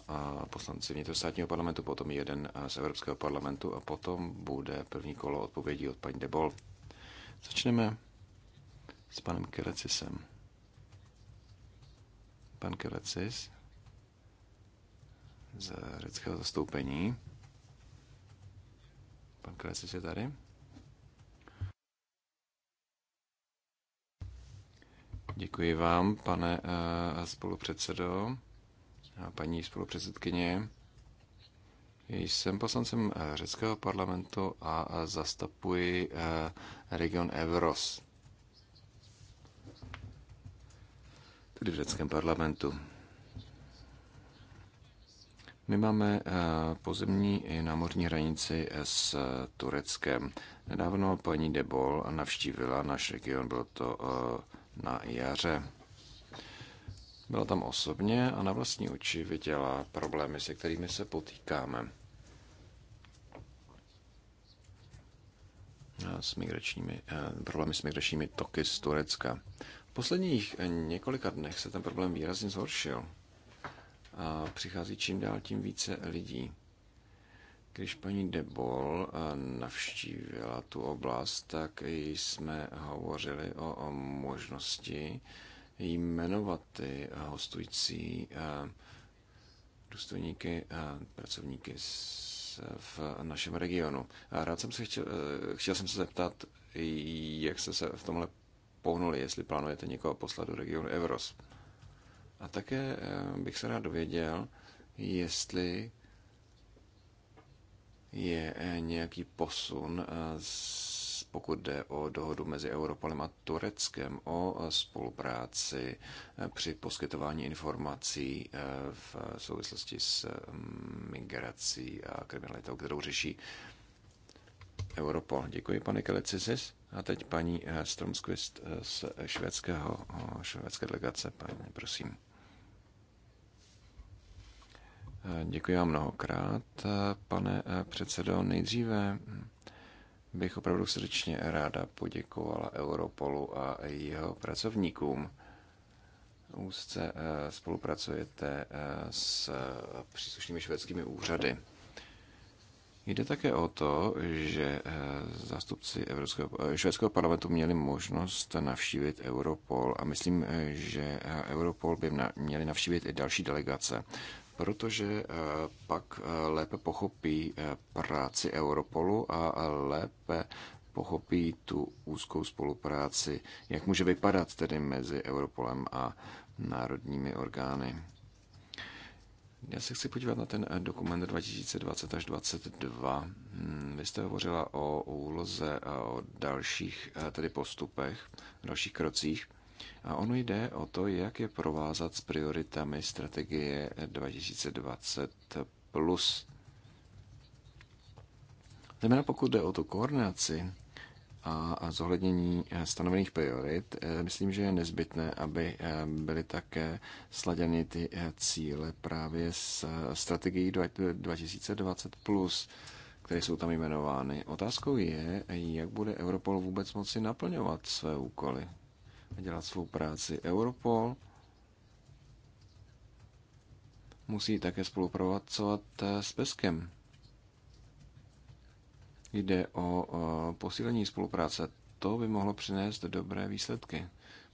poslanci vnitrostátního parlamentu, potom jeden z Evropského parlamentu a potom bude první kolo odpovědí od paní Debol. Začneme s panem Kelecisem. Pan Kelecis z řeckého zastoupení. Pan Kelecis je tady. Děkuji vám, pane eh, spolupředsedo a paní spolupředsedkyně. Jsem poslancem eh, řeckého parlamentu a eh, zastupuji region Evros, tedy v řeckém parlamentu. My máme pozemní i námořní hranici s Tureckem. Nedávno paní Debol navštívila náš region, bylo to na jaře. Byla tam osobně a na vlastní oči viděla problémy, se kterými se potýkáme. S migračními, eh, problémy s migračními toky z Turecka. V posledních několika dnech se ten problém výrazně zhoršil a přichází čím dál tím více lidí. Když paní Debol eh, navštívila tu oblast, tak jsme hovořili o možnosti jmenovat ty hostující eh, důstojníky, eh, pracovníky v našem regionu. A rád jsem se chtěl, chtěl jsem se zeptat, jak jste se v tomhle pohnuli, jestli plánujete někoho poslat do regionu Evros. A také bych se rád dověděl, jestli je eh, nějaký posun, eh, pokud jde o dohodu mezi Europolem a Tureckem o eh, spolupráci při poskytování informací v souvislosti s mm, migrací a kriminalitou, kterou řeší Europol. Děkuji, pane Kelecisis. A teď paní Stromskvist z švédského, švédské delegace. Paní, prosím. Děkuji vám mnohokrát, pane eh, předsedo. Nejdříve bych opravdu srdečně ráda poděkovala Europolu a jeho pracovníkům. Úzce eh, spolupracujete eh, s příslušnými švédskými úřady. Jde také o to, že zástupci Evropského, švédského parlamentu měli možnost navštívit Europol a myslím, že Europol by měli navštívit i další delegace protože eh, pak eh, lépe pochopí eh, práci Europolu a lépe pochopí tu úzkou spolupráci, jak může vypadat tedy mezi Europolem a národními orgány. Já se chci podívat na ten dokument 2020 až 2022. Hmm, vy jste hovořila o úloze a o dalších tedy postupech, dalších krocích. A ono jde o to, jak je provázat s prioritami strategie 2020 plus. Znamená, pokud jde o tu koordinaci a zohlednění eh, stanovených priorit, eh, myslím, že je nezbytné, aby eh, byly také sladěny ty cíle právě s strategií 2020 plus které jsou tam jmenovány. Otázkou je, jak bude Europol vůbec moci naplňovat své úkoly dělat svou práci. Europol musí také spolupracovat eh, s Peskem. Jde o posílení spolupráce. To by mohlo přinést dobré výsledky.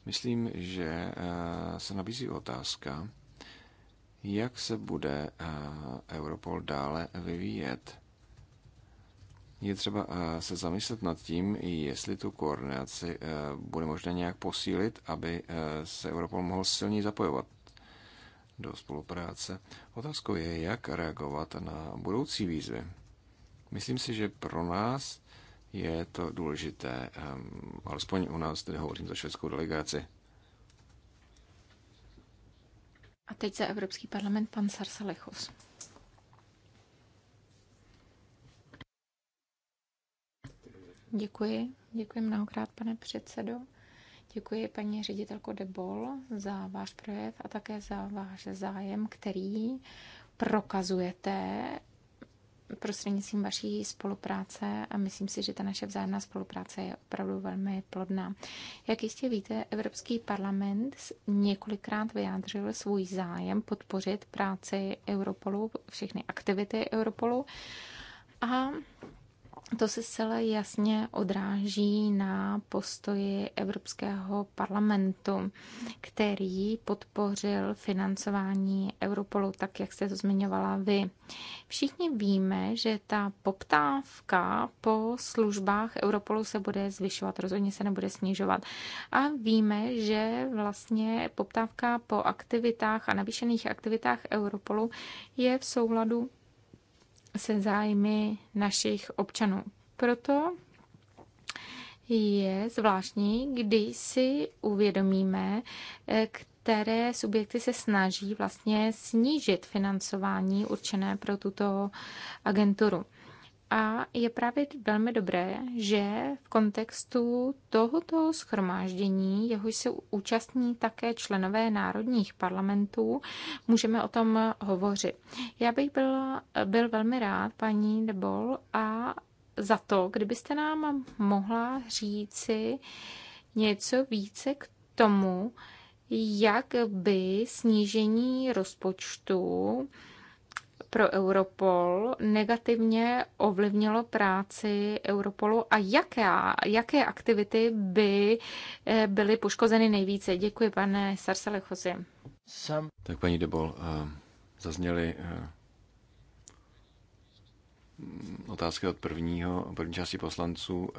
Myslím, že eh, se nabízí otázka, jak se bude eh, Europol dále vyvíjet je třeba eh, se zamyslet nad tím, jestli tu koordinaci eh, bude možné nějak posílit, aby eh, se Europol mohl silněji zapojovat do spolupráce. Otázkou je, jak reagovat na budoucí výzvy. Myslím si, že pro nás je to důležité, ehm, alespoň u nás, tedy hovořím za švédskou delegaci. A teď za Evropský parlament pan Sarsalechos. Děkuji. Děkuji mnohokrát, pane předsedo. Děkuji paní ředitelko De Bol za váš projev a také za váš zájem, který prokazujete prostřednictvím vaší spolupráce a myslím si, že ta naše vzájemná spolupráce je opravdu velmi plodná. Jak jistě víte, Evropský parlament několikrát vyjádřil svůj zájem podpořit práci Europolu, všechny aktivity Europolu a to se zcela jasně odráží na postoji Evropského parlamentu, který podpořil financování Europolu, tak jak jste to zmiňovala vy. Všichni víme, že ta poptávka po službách Europolu se bude zvyšovat, rozhodně se nebude snižovat. A víme, že vlastně poptávka po aktivitách a navýšených aktivitách Europolu je v souladu se zájmy našich občanů. Proto je zvláštní, když si uvědomíme, eh, které subjekty se snaží vlastně snížit financování určené pro tuto agenturu. A je právě velmi dobré, že v kontextu tohoto schromáždění, jehož se účastní také členové národních parlamentů, můžeme o tom hovořit. Já bych byl, byl velmi rád, paní Debol, a za to, kdybyste nám mohla říci něco více k tomu, jak by snížení rozpočtu pro Europol negativně ovlivnilo práci Europolu a jaké jaké aktivity by eh, byly poškozeny nejvíce? Děkuji, pane Sarselechosi. Sam. Tak paní Debol, eh, zazněly eh, otázky od prvního, první části poslanců.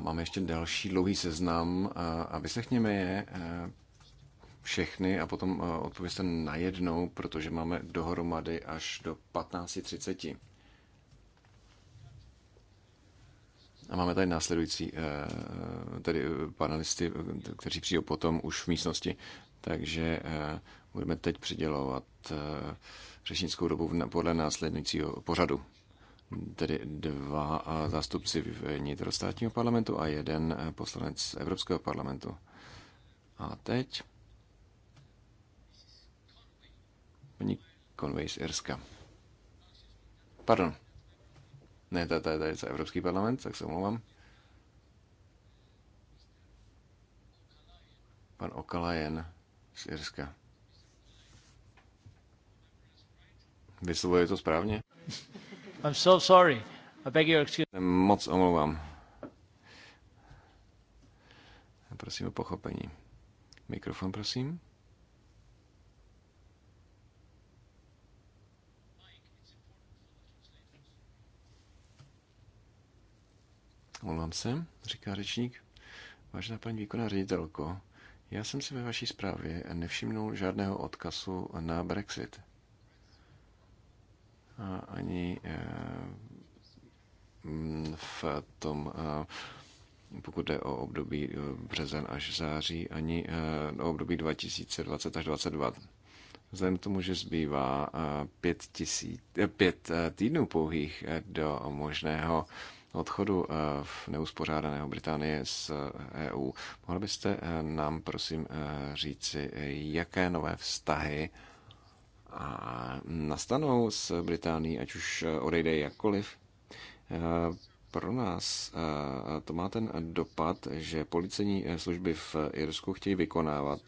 Máme ještě další dlouhý seznam a vyslechněme je, všechny a potom eh, odpověste najednou, protože máme dohromady až do 15.30. A máme tady následující eh, eh, tedy panelisty, kteří přijdou potom už v místnosti. Takže budeme teď přidělovat řečnickou dobu podle následujícího pořadu. Tedy dva zástupci vnitrostátního parlamentu a jeden poslanec Evropského parlamentu. A teď Paní Conway z Irska. Pardon. Ne, to je tady za Evropský parlament, tak se omlouvám. Pan Okalajen z Irska. Vyslovuje to správně? I'm so sorry. I beg your excuse. Moc omlouvám. Prosím o pochopení. Mikrofon, prosím. omlouvám se, říká řečník. Vážená paní výkonná ředitelko, já jsem si ve vaší zprávě nevšimnul žádného odkazu na Brexit. A ani eh, v tom, eh, pokud jde o období eh, březen až září, ani o období 2020 až 2022. Vzhledem k tomu, že zbývá pět, tisíc, pět týdnů pouhých do možného odchodu eh, v neuspořádaného Británie z EU. Eh, e Mohli byste eh, nám prosím říci, jaké nové vztahy nastanou s Británií, ať už odejde jakkoliv? pro nás to má ten dopad, že policejní služby v Irsku chtějí vykonávat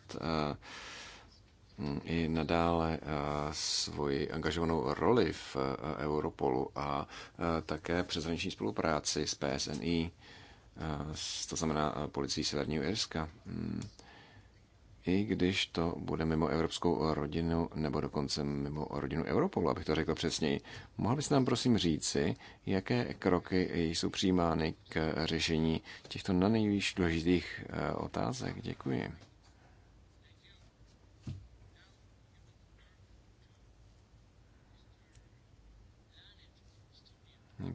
i nadále eh, svoji angažovanou roli v eh, Europolu a eh, také přeshraniční spolupráci s PSNI, to znamená policií Severního Irska. Hmm. I když to bude mimo evropskou rodinu, nebo dokonce mimo rodinu Europolu, abych to řekl přesněji, mohl bys nám prosím říci, jaké kroky jsou přijímány k řešení těchto na nejvíc důležitých otázek? Děkuji.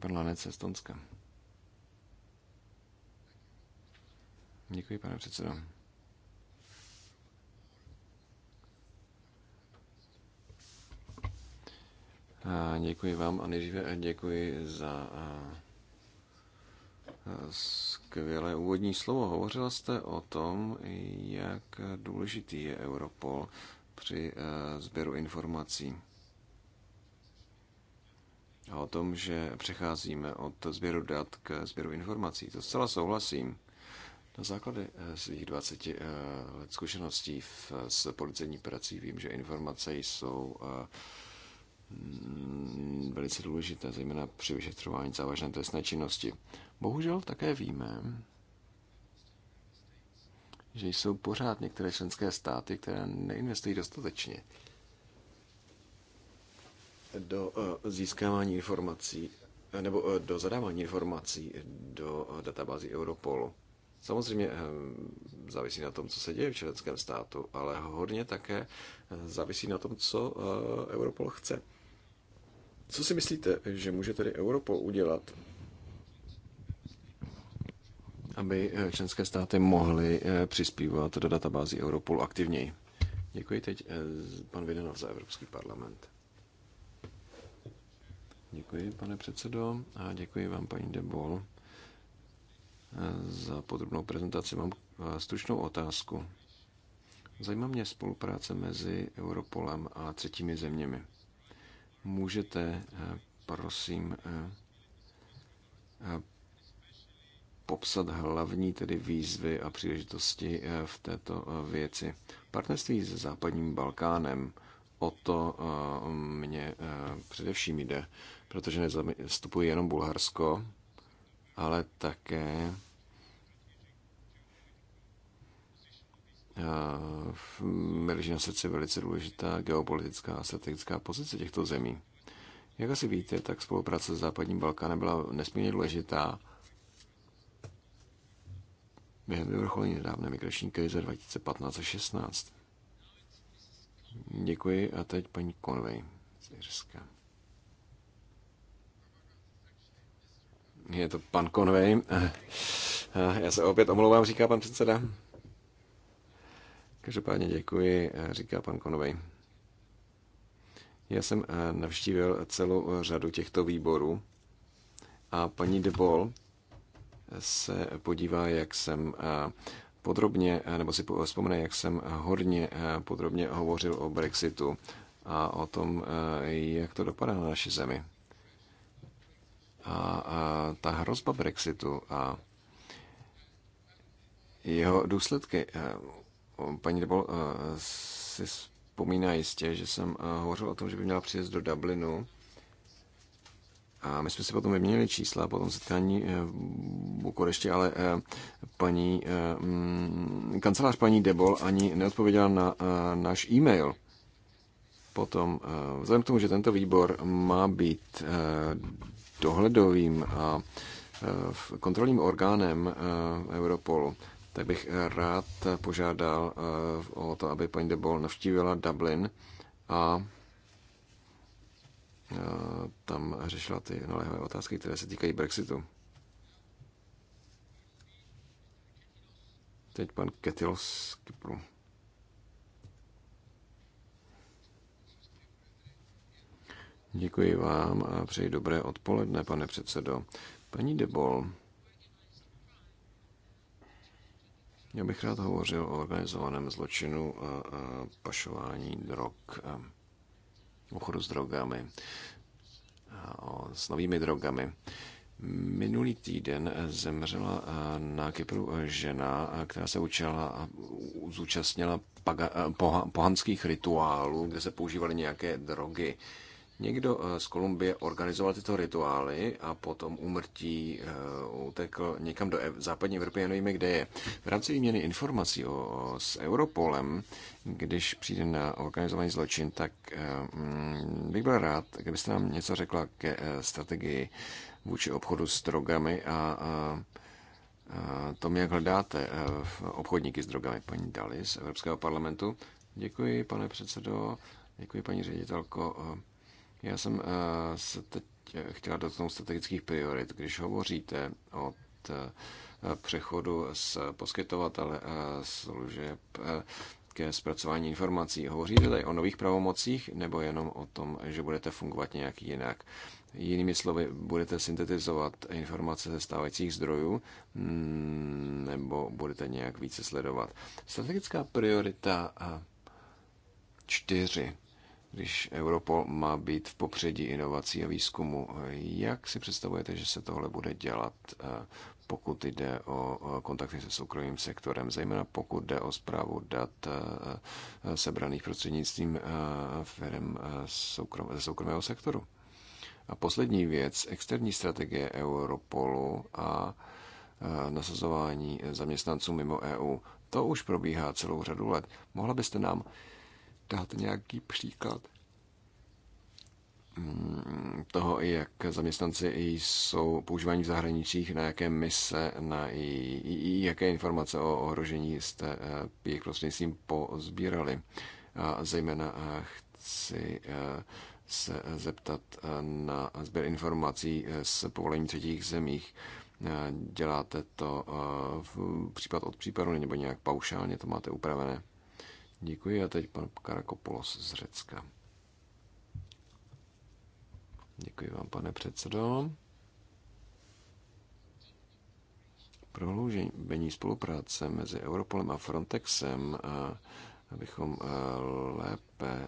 Pan Lanec Estonska. Děkuji, pane předsedo. A děkuji vám a nejdříve děkuji za skvělé úvodní slovo. Hovořila jste o tom, jak důležitý je Europol při sběru informací a o tom, že přecházíme od sběru dat k sběru informací. To zcela souhlasím. Na základě eh, svých 20 eh, let zkušeností s policejní prací vím, že informace jsou eh, mm, velice důležité, zejména při vyšetřování závažné trestné činnosti. Bohužel také víme, že jsou pořád některé členské státy, které neinvestují dostatečně do eh, získávání informací eh, nebo eh, do zadávání informací do databázy Europolu. Samozřejmě závisí na tom, co se děje v členském státu, ale hodně také závisí na tom, co Europol chce. Co si myslíte, že může tedy Europol udělat, aby členské státy mohly přispívat do databázy Europol aktivněji? Děkuji teď pan Videnov za Evropský parlament. Děkuji, pane předsedo, a děkuji vám, paní Debol, za podrobnou prezentaci. Mám eh, stručnou otázku. Zajímá mě spolupráce mezi Europolem a třetími zeměmi. Můžete, eh, prosím, eh, popsat hlavní tedy výzvy a příležitosti v této věci. Partnerství se západním Balkánem, o to mě především jde protože nezastupuje jenom Bulharsko, ale také mi leží na srdci velice důležitá geopolitická a strategická pozice těchto zemí. Jak asi víte, tak spolupráce s Západním Balkánem byla nesmírně důležitá během vyvrcholení nedávné migrační krize 2015 a 16. Děkuji a teď paní Conway z Irska. Je to pan Conway. Eh, eh, já se opět omlouvám, říká pan předseda. Každopádně děkuji, eh, říká pan Conway. Já jsem navštívil celou řadu těchto výborů a paní Debol se podívá, jak jsem podrobně, nebo si vzpomene, jak jsem hodně podrobně hovořil o Brexitu a o tom, jak to dopadá na naši zemi a, a ta hrozba Brexitu a jeho důsledky. Eh, paní Debol eh, si vzpomíná jistě, že jsem eh, hovořil o tom, že by měla přijet do Dublinu a my jsme si potom vyměnili čísla po tom setkání v Bukurešti, ale paní, mm, kancelář paní Debol ani neodpověděla na náš e-mail. Potom, vzhledem k tomu, že tento výbor má být dohledovým a e, kontrolním orgánem e, Europolu, tak bych rád požádal e, o to, aby paní de Bol navštívila Dublin a tam řešila ty naléhavé otázky, které se týkají Brexitu. Teď pan Ketilos z Kypru. Děkuji vám a přeji dobré odpoledne, pane předsedo. Paní Debol, já bych rád hovořil o organizovaném zločinu a, a pašování drog, a obchodu s drogami, a o, s novými drogami. Minulý týden zemřela na Kypru žena, která se učila, zúčastnila paga, pohanských rituálů, kde se používaly nějaké drogy. Někdo eh, z Kolumbie organizoval tyto rituály a potom umrtí eh, utekl někam do západní Evropy a nevíme, kde je. V rámci výměny informací o, s Europolem, když přijde na organizovaný zločin, tak eh, mm, bych byl rád, kdybyste nám něco řekla ke strategii vůči obchodu s drogami a, a tom, jak hledáte obchodníky s drogami, paní Dali z Evropského parlamentu. Děkuji, pane předsedo, děkuji, paní ředitelko. Já jsem eh, se teď eh, chtěla dotknout strategických priorit. Když hovoříte o eh, přechodu z poskytovatele služeb ke zpracování informací. Hovoříte tady o nových pravomocích nebo jenom o tom, že budete fungovat nějak jinak? Jinými slovy, budete syntetizovat informace ze stávajících zdrojů mm, nebo budete nějak více sledovat? Strategická priorita čtyři když Europol má být v popředí inovací a výzkumu. Jak si představujete, že se tohle bude dělat, eh, pokud jde o eh, kontakty se soukromým sektorem, zejména pokud jde o zprávu dat eh, sebraných prostřednictvím firm ze soukromého sektoru? A poslední věc, externí strategie Europolu a nasazování zaměstnanců mimo EU. To už probíhá celou řadu let. Mohla byste nám dát nějaký příklad mm, toho, jak zaměstnanci jsou používáni v zahraničích, na jaké mise, na jaké informace o ohrožení jste eh, jejich prostřednictvím pozbírali. A zejména eh, chci eh, se zeptat na sběr informací z povolení třetích zemích. Děláte to v případ od případu nebo nějak paušálně to máte upravené? Děkuji a teď pan Karakopolos z Řecka. Děkuji vám, pane předsedo. Prohloužení spolupráce mezi Europolem a Frontexem, abychom lépe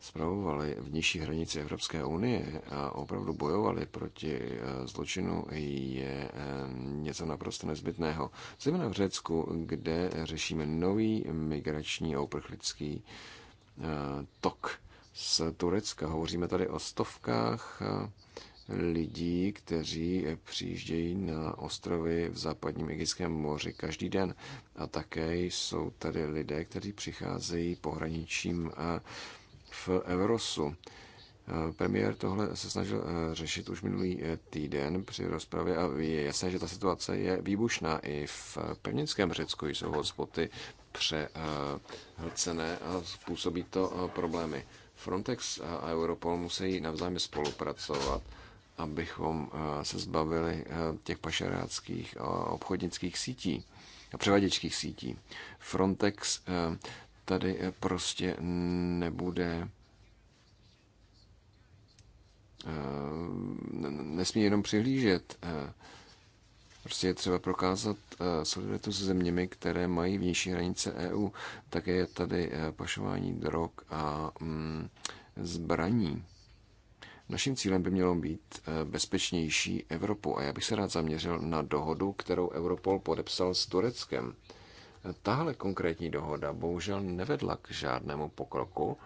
spravovali vnější hranici Evropské unie a opravdu bojovali proti e, zločinu, je e, něco naprosto nezbytného. Zejména v Řecku, kde řešíme nový migrační a uprchlický e, tok z Turecka. Hovoříme tady o stovkách lidí, kteří přijíždějí na ostrovy v západním Egyptském moři každý den. A také jsou tady lidé, kteří přicházejí pohraničím a v Evrosu. Eh, premiér tohle se snažil eh, řešit už minulý eh, týden při rozpravě a je jasné, že ta situace je výbušná. I v pevnickém Řecku jsou hotspoty přehlcené a způsobí to problémy. Frontex a Europol musí navzájem spolupracovat, abychom se zbavili těch pašeráckých a obchodnických sítí a převaděčských sítí. Frontex tady eh, prostě nebude eh, nesmí jenom přihlížet. Eh, prostě je třeba prokázat solidaritu se zeměmi, které mají vnější hranice EU. Také je tady pašování drog a mm, zbraní. Naším cílem by mělo být bezpečnější Evropu a já bych se rád zaměřil na dohodu, kterou Europol podepsal s Tureckem. Tahle konkrétní dohoda bohužel nevedla k žádnému pokroku,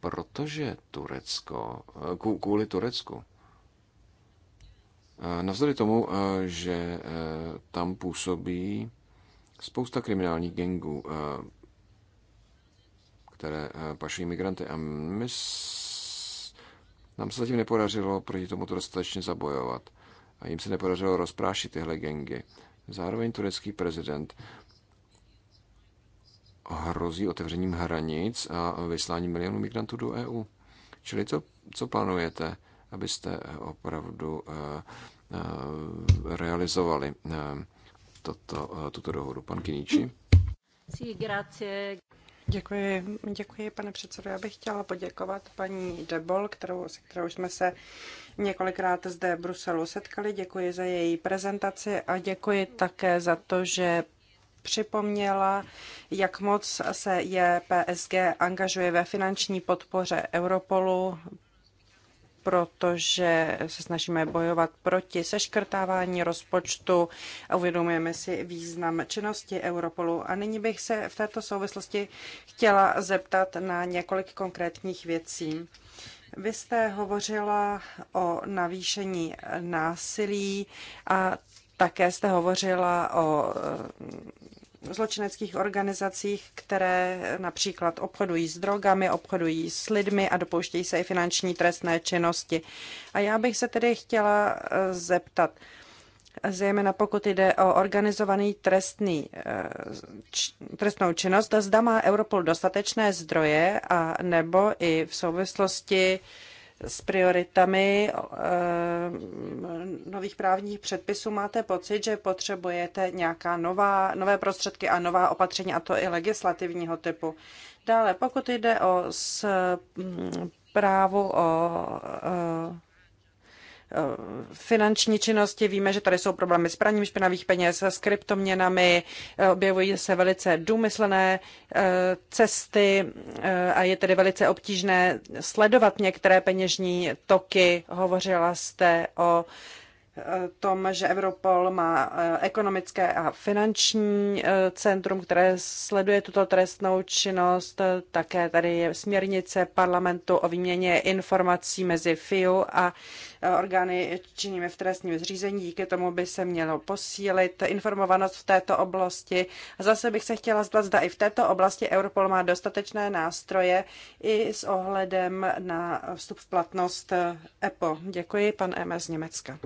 protože Turecko, eh, kvůli Turecku. Eh, navzdory tomu, eh, že tam působí spousta kriminálních gengů, které pašují migranty a my nám se zatím nepodařilo proti to dostatečně zabojovat a jim se nepodařilo rozprášit tyhle gengy. Zároveň turecký prezident hrozí otevřením hranic a vysláním milionů migrantů do EU. Čili co, co plánujete, abyste opravdu eh, eh, realizovali eh, toto, tuto dohodu? Pan Kiníči? Děkuji, děkuji, pane předsedo. Já bych chtěla poděkovat paní Debol, kterou, se kterou jsme se několikrát zde v Bruselu setkali. Děkuji za její prezentaci a děkuji také za to, že připomněla, jak moc se JPSG angažuje ve finanční podpoře Europolu, protože se snažíme bojovat proti seškrtávání rozpočtu a uvědomujeme si význam činnosti Europolu. A nyní bych se v této souvislosti chtěla zeptat na několik konkrétních věcí. Vy jste hovořila o navýšení násilí a také jste hovořila o eh, zločineckých organizacích, které například obchodují s drogami, obchodují s lidmi a dopouštějí se i finanční trestné činnosti. A já bych se tedy chtěla eh, zeptat, zejména pokud jde o organizovaný trestný, eh, trestnou činnost, zda má Europol dostatečné zdroje a nebo i v souvislosti s prioritami eh, nových právních předpisů máte pocit, že potřebujete nějaká nová, nové prostředky a nová opatření, a to i legislativního typu. Dále, pokud jde o s mm, právo o eh, finanční činnosti. Víme, že tady jsou problémy s praním špinavých peněz, s kryptoměnami, objevují se velice důmyslné eh, cesty eh, a je tedy velice obtížné sledovat některé peněžní toky. Hovořila jste o tom, že Europol má eh, ekonomické a finanční eh, centrum, které sleduje tuto trestnou činnost. Také tady je směrnice parlamentu o výměně informací mezi FIU a eh, orgány činnými v trestním zřízení. Díky tomu by se mělo posílit informovanost v této oblasti. A zase bych se chtěla zeptat, zda i v této oblasti Europol má dostatečné nástroje i s ohledem na vstup v platnost EPO. Děkuji, pan MS z Německa.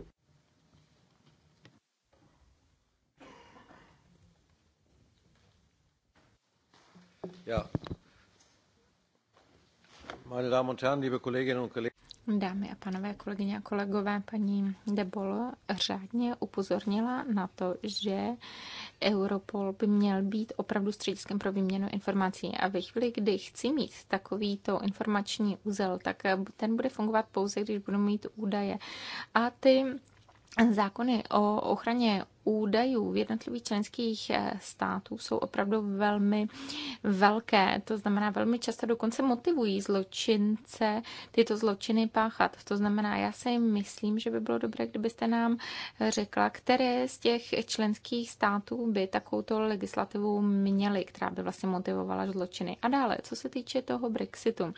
Dámy a panové, kolegyně a kolegové, paní De Debol řádně upozornila na to, že Europol by měl být opravdu střediskem pro výměnu informací. A ve chvíli, kdy chci mít takovýto informační úzel, tak ten bude fungovat pouze, když budu mít údaje. A ty zákony o ochraně údajů v jednotlivých členských eh, států jsou opravdu velmi velké. To znamená, velmi často dokonce motivují zločince tyto zločiny páchat. To znamená, já si myslím, že by bylo dobré, kdybyste nám eh, řekla, které z těch členských států by takovouto legislativu měly, která by vlastně motivovala zločiny. A dále, co se týče toho Brexitu,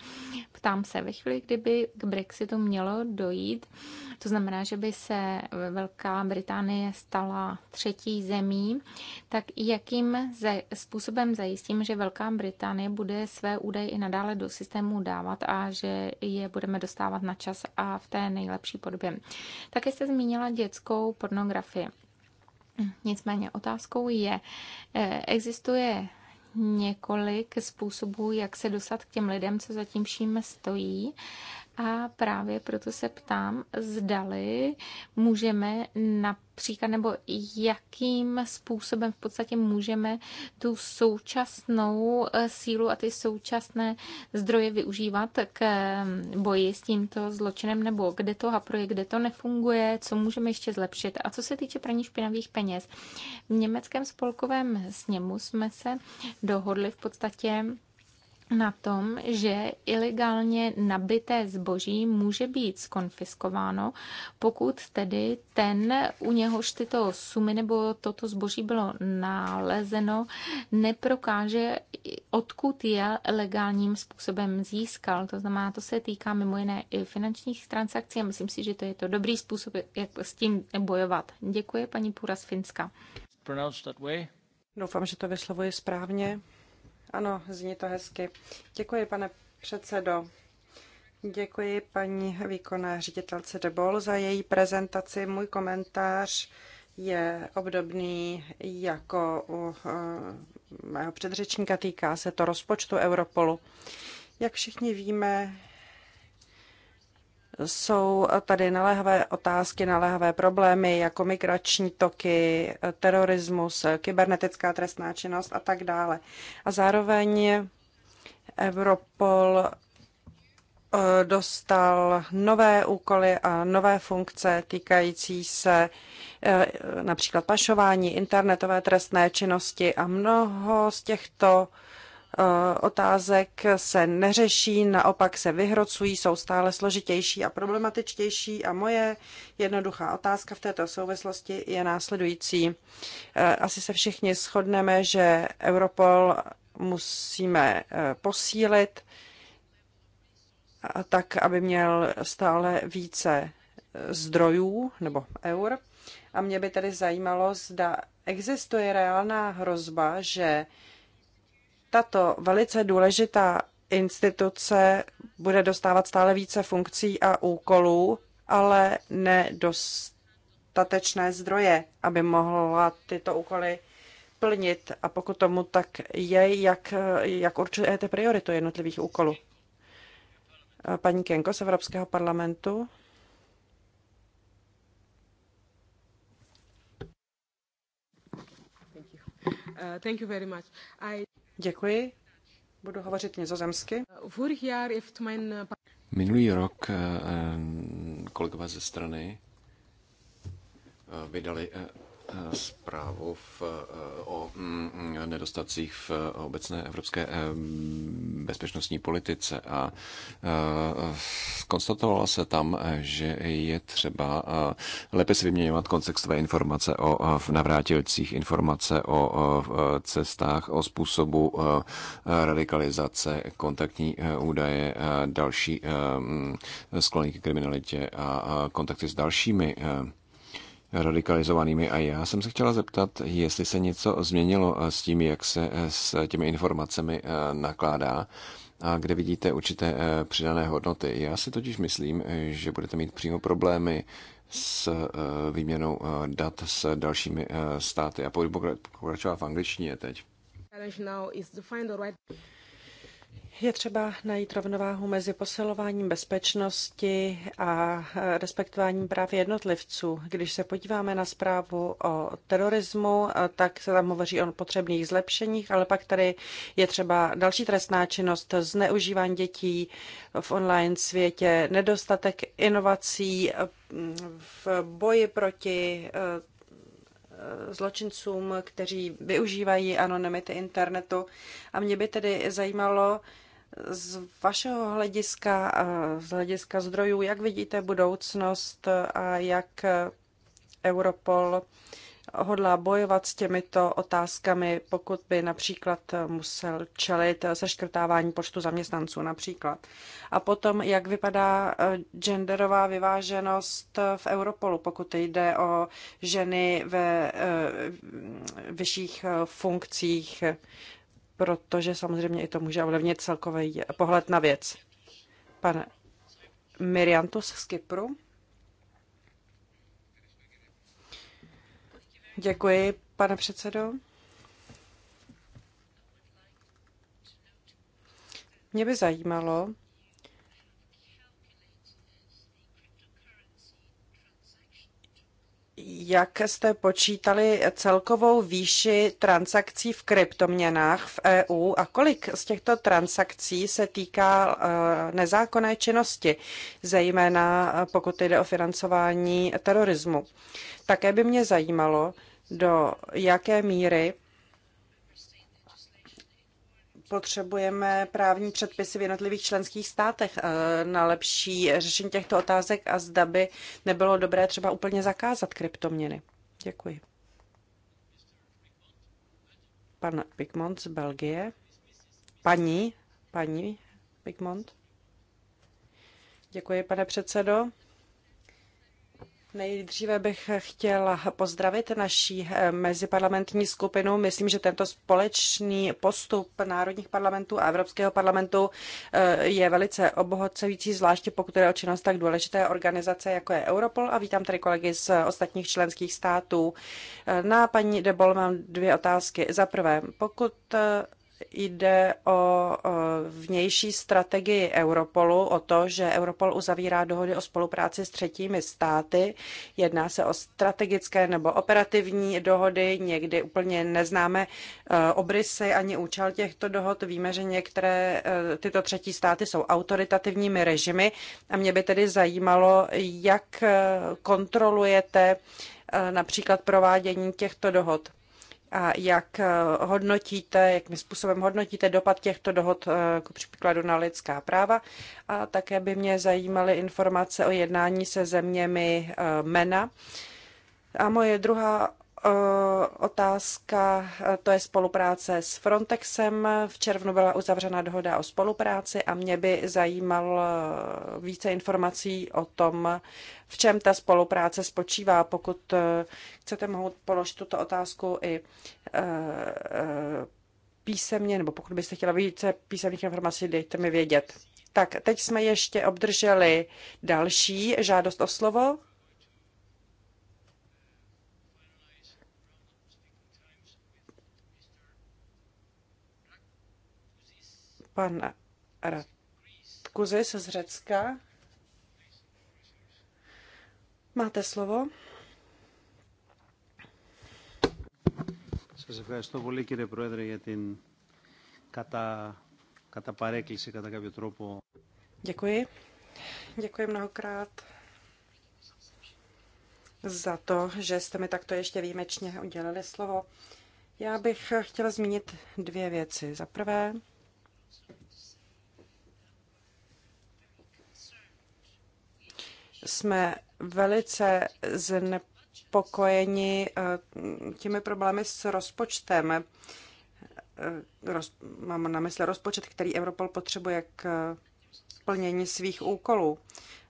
ptám se, ve chvíli, kdyby k Brexitu mělo dojít, to znamená, že by se Velká Británie stala třetí zemí, tak jakým způsobem zajistím, že Velká Británie bude své údaje i nadále do systému dávat a že je budeme dostávat na čas a v té nejlepší podobě. Také jste zmínila dětskou pornografii. Nicméně otázkou je, eh, existuje několik způsobů, jak se dostat k těm lidem, co zatím vším stojí. A právě proto se ptám, zdali můžeme například, nebo jakým způsobem v podstatě můžeme tu současnou eh, sílu a ty současné zdroje využívat k mm, boji s tímto zločinem, nebo kde to haproje, kde to nefunguje, co můžeme ještě zlepšit. A co se týče praní špinavých peněz, v německém spolkovém sněmu jsme se dohodli v podstatě, na tom, že ilegálně nabité zboží může být skonfiskováno, pokud tedy ten, u něhož tyto sumy nebo toto zboží bylo nalezeno, neprokáže, odkud je legálním způsobem získal. To znamená, to se týká mimo jiné i finančních transakcí a myslím si, že to je to dobrý způsob, jak s tím bojovat. Děkuji, paní Půra z Finska. Doufám, že to vyslovuje správně. Ano, zní to hezky. Děkuji, pane předsedo. Děkuji paní výkonné ředitelce Debol za její prezentaci. Můj komentář je obdobný jako u eh, mého předřečníka, týká se to rozpočtu Europolu. Jak všichni víme, jsou tady naléhavé otázky, naléhavé problémy, jako migrační toky, terorismus, kybernetická trestná činnost a tak dále. A zároveň Europol eh, dostal nové úkoly a nové funkce týkající se eh, například pašování, internetové trestné činnosti a mnoho z těchto Eh, otázek se neřeší, naopak se vyhrocují, jsou stále složitější a problematičtější. A moje jednoduchá otázka v této souvislosti je následující. Eh, asi se všichni shodneme, že Europol musíme eh, posílit tak, aby měl stále více zdrojů nebo eur. A mě by tedy zajímalo, zda existuje reálná hrozba, že uh, tato velice důležitá instituce bude dostávat stále více funkcí a úkolů, ale nedostatečné zdroje, aby mohla tyto úkoly plnit. A pokud tomu tak je, jak, jak určujete prioritu jednotlivých úkolů? Paní Kenko z Evropského parlamentu. Thank you uh, very much. I... Děkuji. Budu hovořit nizozemsky. Minulý rok eh, eh, kolegové ze strany eh, vydali zprávu v, eh, o mm, nedostacích v obecné evropské eh, bezpečnostní politice a eh, konstatovala se tam, že je třeba lépe si vyměňovat kontextové informace o navrátilcích, informace o cestách, o způsobu radikalizace, kontaktní údaje, další mm, sklony k kriminalitě a kontakty s dalšími radikalizovanými. A já jsem se chtěla zeptat, jestli se něco změnilo eh, s tím, jak se eh, s těmi informacemi eh, nakládá a kde vidíte určité přidané hodnoty. Já si totiž myslím, že budete mít přímo problémy s výměnou dat s dalšími státy. A pokračovat v angličtině teď. Je třeba najít rovnováhu mezi posilováním bezpečnosti a e, respektováním práv jednotlivců. Když se podíváme na zprávu o terorismu, e, tak se tam hovoří o potřebných zlepšeních, ale pak tady je třeba další trestná činnost, zneužívání dětí v online světě, nedostatek inovací e, v boji proti zločincům, kteří využívají anonymity internetu. A mě by tedy zajímalo, z vašeho hlediska a eh, z hlediska zdrojů, jak vidíte budoucnost a jak eh, Europol hodlá bojovat s těmito otázkami, pokud by například eh, musel čelit seškrtávání počtu zaměstnanců například. A potom, jak vypadá genderová vyváženost v Europolu, pokud jde o ženy ve vyšších funkcích protože samozřejmě i to může ovlivnit celkový pohled na věc. Pan Miriantus z Kypru. Děkuji, pane předsedo. Mě by zajímalo, jak jste počítali celkovou výši transakcí v kryptoměnách v EU a kolik z těchto transakcí se týká eh, nezákonné činnosti, zejména eh, pokud jde o financování terorismu. Také by mě zajímalo, do jaké míry potřebujeme právní předpisy v jednotlivých členských státech eh, na lepší řešení těchto otázek a zda by nebylo dobré třeba úplně zakázat kryptoměny. Děkuji. Pan Pigmont z Belgie. Paní, paní Pigmont. Děkuji, pane předsedo. Nejdříve bych chtěla pozdravit naší eh, meziparlamentní skupinu. Myslím, že tento společný postup národních parlamentů a Evropského parlamentu eh, je velice obohacující, zvláště pokud je o činnost tak důležité organizace, jako je Europol. A vítám tady kolegy z ostatních členských států. Eh, na paní Debol mám dvě otázky. Za prvé, pokud jde o vnější strategii Europolu, o to, že Europol uzavírá dohody o spolupráci s třetími státy. Jedná se o strategické nebo operativní dohody, někdy úplně neznáme e, obrysy ani účel těchto dohod. Víme, že některé e, tyto třetí státy jsou autoritativními režimy a mě by tedy zajímalo, jak e, kontrolujete například provádění těchto dohod a jak eh, hodnotíte, jakým způsobem hodnotíte dopad těchto dohod eh, k příkladu na lidská práva. A také by mě zajímaly informace o jednání se zeměmi eh, MENA. A moje druhá Eh, otázka, eh, to je spolupráce s Frontexem. V červnu byla uzavřena dohoda o spolupráci a mě by zajímal eh, více informací o tom, v čem ta spolupráce spočívá. Pokud chcete, mohu položit tuto otázku i písemně, nebo pokud byste chtěla více písemných informací, dejte mi vědět. Tak, teď jsme ještě obdrželi další žádost o slovo pan Ratkuzis z Řecka. Máte slovo. Σας ευχαριστώ πολύ κύριε Πρόεδρε για την κατά, κατά παρέκκληση κατά κάποιο τρόπο. Děkuji. Děkuji mnohokrát za to, že jste mi takto ještě výjimečně udělali slovo. Já bych chtěla zmínit dvě věci. Za prvé, jsme velice znepokojeni eh, těmi problémy s rozpočtem. Eh, roz, mám na mysli rozpočet, který Europol potřebuje k eh, plnění svých úkolů.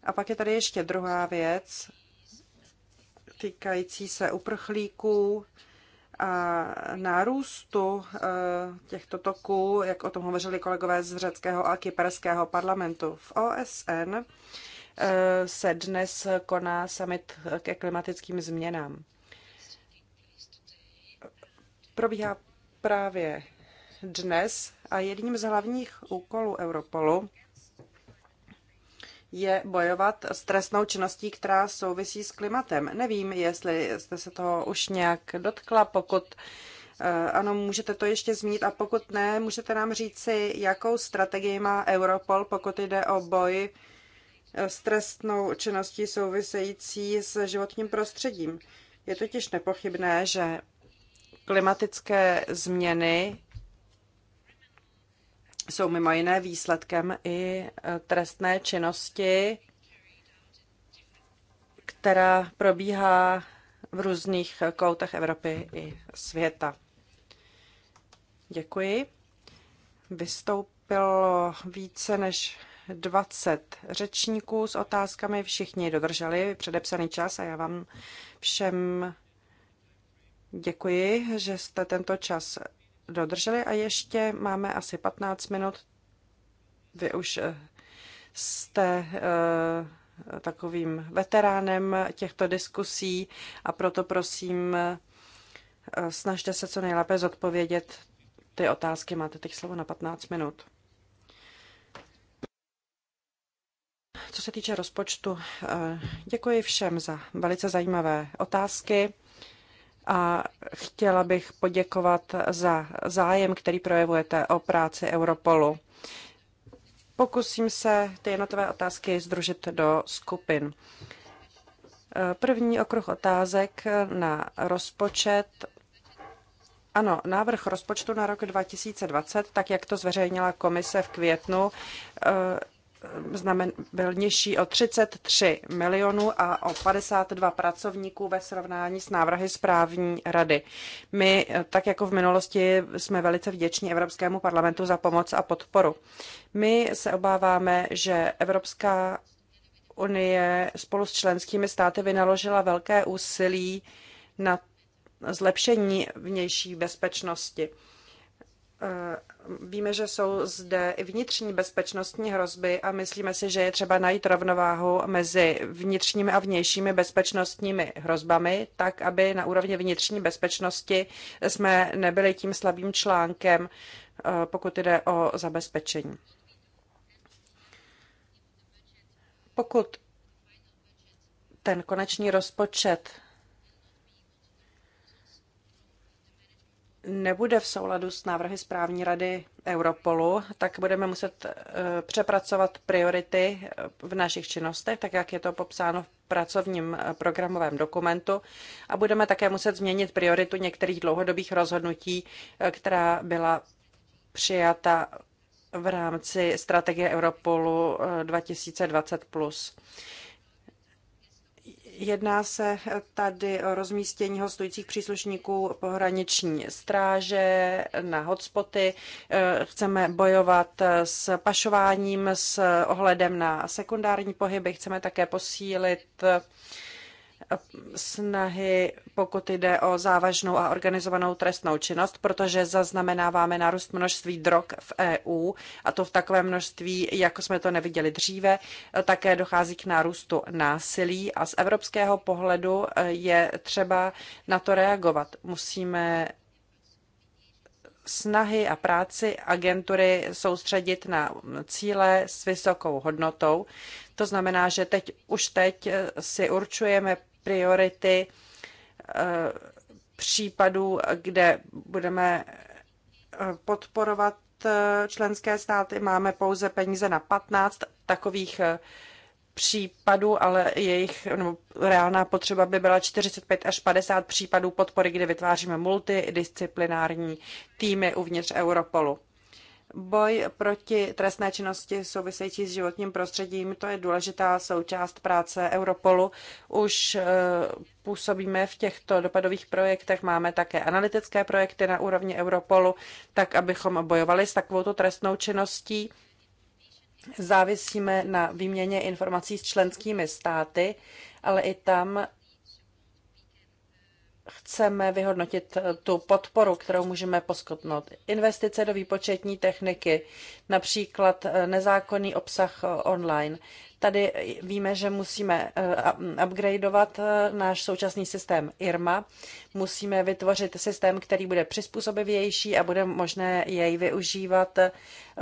A pak je tady ještě druhá věc, týkající se uprchlíků a nárůstu těchto toků, jak o tom hovořili kolegové z řeckého a kyperského parlamentu. V OSN se dnes koná summit ke klimatickým změnám. Probíhá právě dnes a jedním z hlavních úkolů Europolu je bojovat s trestnou činností, která souvisí s klimatem. Nevím, jestli jste se toho už nějak dotkla, pokud eh, ano, můžete to ještě zmínit a pokud ne, můžete nám říci, jakou strategii má Europol, pokud jde o boj Eh, s trestnou činností související s životním prostředím. Je totiž nepochybné, že klimatické změny jsou mimo jiné výsledkem i eh, trestné činnosti, která probíhá v různých koutech Evropy i světa. Děkuji. Vystoupilo více než 20 řečníků s otázkami. Všichni dodrželi předepsaný čas a já vám všem děkuji, že jste tento čas dodrželi a ještě máme asi 15 minut. Vy už eh, jste eh, takovým veteránem těchto diskusí a proto prosím, eh, snažte se co nejlépe zodpovědět ty otázky. Máte teď slovo na 15 minut. co se týče rozpočtu, eh, děkuji všem za velice zajímavé otázky a chtěla bych poděkovat za zájem, který projevujete o práci Europolu. Pokusím se ty jednotové otázky združit do skupin. Eh, první okruh otázek na rozpočet. Ano, návrh rozpočtu na rok 2020, tak jak to zveřejnila komise v květnu, eh, znamen, byl nižší o 33 milionů a o 52 pracovníků ve srovnání s návrhy správní rady. My, eh, tak jako v minulosti, jsme velice vděční Evropskému parlamentu za pomoc a podporu. My se obáváme, že Evropská unie spolu s členskými státy vynaložila velké úsilí na zlepšení vnější bezpečnosti. Eh, víme, že jsou zde i vnitřní bezpečnostní hrozby a myslíme si, že je třeba najít rovnováhu mezi vnitřními a vnějšími bezpečnostními hrozbami, tak aby na úrovni vnitřní bezpečnosti jsme nebyli tím slabým článkem, eh, pokud jde o zabezpečení. Pokud ten konečný rozpočet nebude v souladu s návrhy správní rady Europolu, tak budeme muset eh, přepracovat priority eh, v našich činnostech, tak jak je to popsáno v pracovním eh, programovém dokumentu a budeme také muset změnit prioritu některých dlouhodobých rozhodnutí, která byla přijata v rámci strategie Europolu 2020+. Jedná se tady o rozmístění hostujících příslušníků pohraniční stráže na hotspoty. Eh, chceme bojovat s pašováním s ohledem na sekundární pohyby. Chceme také posílit snahy, pokud jde o závažnou a organizovanou trestnou činnost, protože zaznamenáváme nárůst množství drog v EU a to v takové množství, jako jsme to neviděli dříve. Také dochází k nárůstu násilí a z evropského pohledu eh, je třeba na to reagovat. Musíme snahy a práci agentury soustředit na cíle s vysokou hodnotou. To znamená, že teď už teď eh, si určujeme priority eh, případů, kde budeme eh, podporovat eh, členské státy. Máme pouze peníze na 15 takových případů, ale jejich no, reálná potřeba by byla 45 až 50 případů podpory, kde vytváříme multidisciplinární týmy uvnitř Europolu. Boj proti trestné činnosti související s životním prostředím, to je důležitá součást práce Europolu. Už eh, působíme v těchto dopadových projektech, máme také analytické projekty na úrovni Europolu, tak abychom bojovali s takovouto trestnou činností. Závisíme na výměně informací s členskými státy, ale i tam chceme vyhodnotit eh, tu podporu, kterou můžeme poskytnout. Investice do výpočetní techniky, například eh, nezákonný obsah eh, online. Tady víme, že musíme eh, upgradeovat eh, náš současný systém IRMA. Musíme vytvořit systém, který bude přizpůsobivější a bude možné jej využívat eh,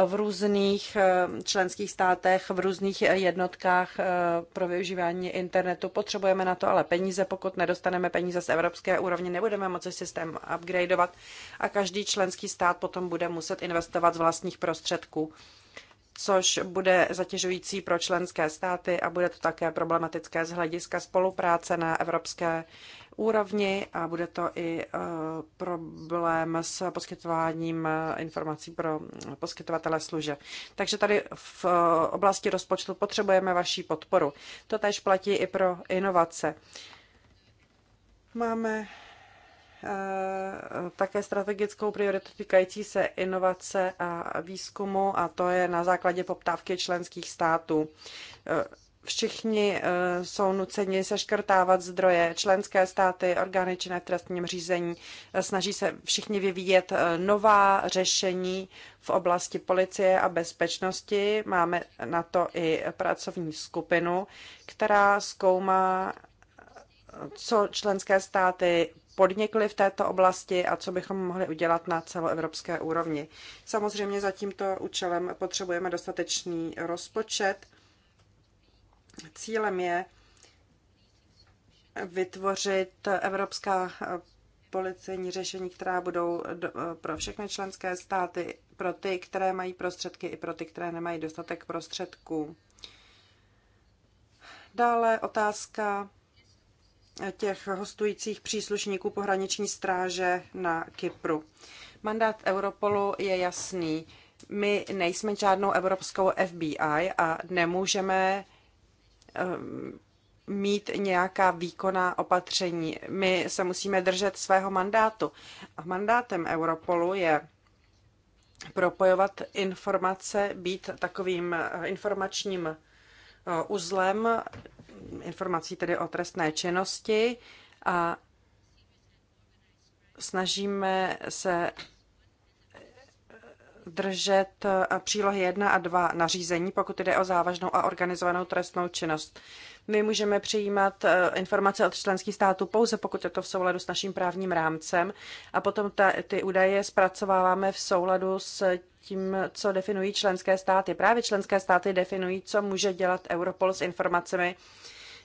v různých členských státech, v různých jednotkách pro využívání internetu. Potřebujeme na to ale peníze. Pokud nedostaneme peníze z evropské úrovně, nebudeme moci systém upgradeovat a každý členský stát potom bude muset investovat z vlastních prostředků což bude zatěžující pro členské státy a bude to také problematické z hlediska spolupráce na evropské úrovni a bude to i eh, problém s poskytováním eh, informací pro mm, poskytovatele služeb. Takže tady v eh, oblasti rozpočtu potřebujeme vaší podporu. To tež platí i pro inovace. Máme Eh, také strategickou prioritu týkající se inovace a výzkumu a to je na základě poptávky členských států. Eh, všichni eh, jsou nuceni seškrtávat zdroje, členské státy, orgány činné v trestním řízení. Snaží se všichni vyvíjet nová řešení v oblasti policie a bezpečnosti. Máme na to i pracovní skupinu, která zkoumá co členské státy podnikli v této oblasti a co bychom mohli udělat na celoevropské úrovni. Samozřejmě za tímto účelem potřebujeme dostatečný rozpočet. Cílem je vytvořit evropská policejní řešení, která budou pro všechny členské státy, pro ty, které mají prostředky i pro ty, které nemají dostatek prostředků. Dále otázka těch hostujících příslušníků pohraniční stráže na Kypru. Mandát Europolu je jasný. My nejsme žádnou evropskou FBI a nemůžeme eh, mít nějaká výkonná opatření. My se musíme držet svého mandátu. A mandátem Europolu je propojovat informace, být takovým eh, informačním eh, uzlem, informací tedy o trestné činnosti a snažíme se držet e, přílohy 1 a 2 nařízení, pokud jde o závažnou a organizovanou trestnou činnost. My můžeme přijímat e, informace od členských států pouze, pokud je to v souladu s naším právním rámcem a potom ta, ty údaje zpracováváme v souladu s tím, co definují členské státy. Právě členské státy definují, co může dělat Europol s informacemi,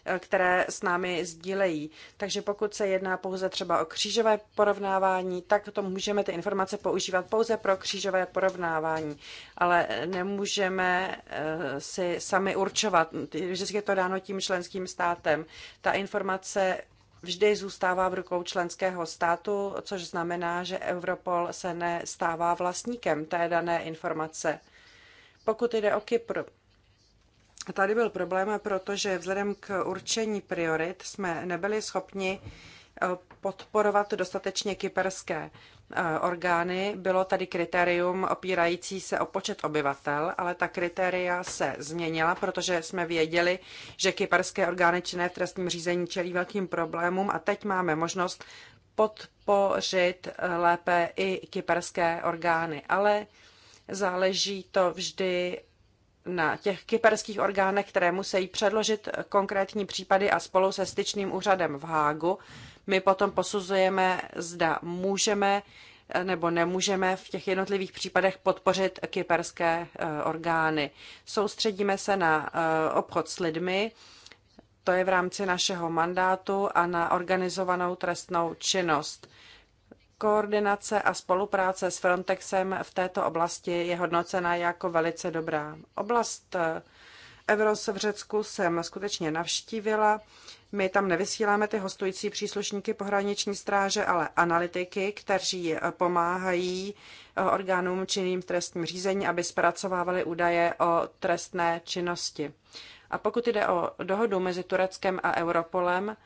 Eh, které s námi sdílejí. Takže pokud se jedná pouze třeba o křížové porovnávání, tak to můžeme ty informace používat pouze pro křížové porovnávání, ale nemůžeme eh, si sami určovat, že je to dáno tím členským státem. Ta informace vždy zůstává v rukou členského státu, což znamená, že Europol se nestává vlastníkem té dané informace. Pokud jde o Kypr, Tady byl problém, protože vzhledem k určení priorit jsme nebyli schopni eh, podporovat dostatečně kyperské eh, orgány. Bylo tady kritérium opírající se o počet obyvatel, ale ta kritéria se změnila, protože jsme věděli, že kyperské orgány činné v trestním řízení čelí velkým problémům a teď máme možnost podpořit eh, lépe i kyperské orgány. Ale záleží to vždy na těch kyperských orgánech, které musí předložit konkrétní případy a spolu se styčným úřadem v Hágu, my potom posuzujeme, zda můžeme eh, nebo nemůžeme v těch jednotlivých případech podpořit kyperské eh, orgány. Soustředíme se na eh, obchod s lidmi, to je v rámci našeho mandátu a na organizovanou trestnou činnost. Koordinace a spolupráce s Frontexem v této oblasti je hodnocena jako velice dobrá. Oblast eh, Evros v Řecku jsem skutečně navštívila. My tam nevysíláme ty hostující příslušníky pohraniční stráže, ale analytiky, kteří eh, pomáhají eh, orgánům činným v trestním řízení, aby zpracovávali údaje o trestné činnosti. A pokud jde o dohodu mezi Tureckem a Europolem,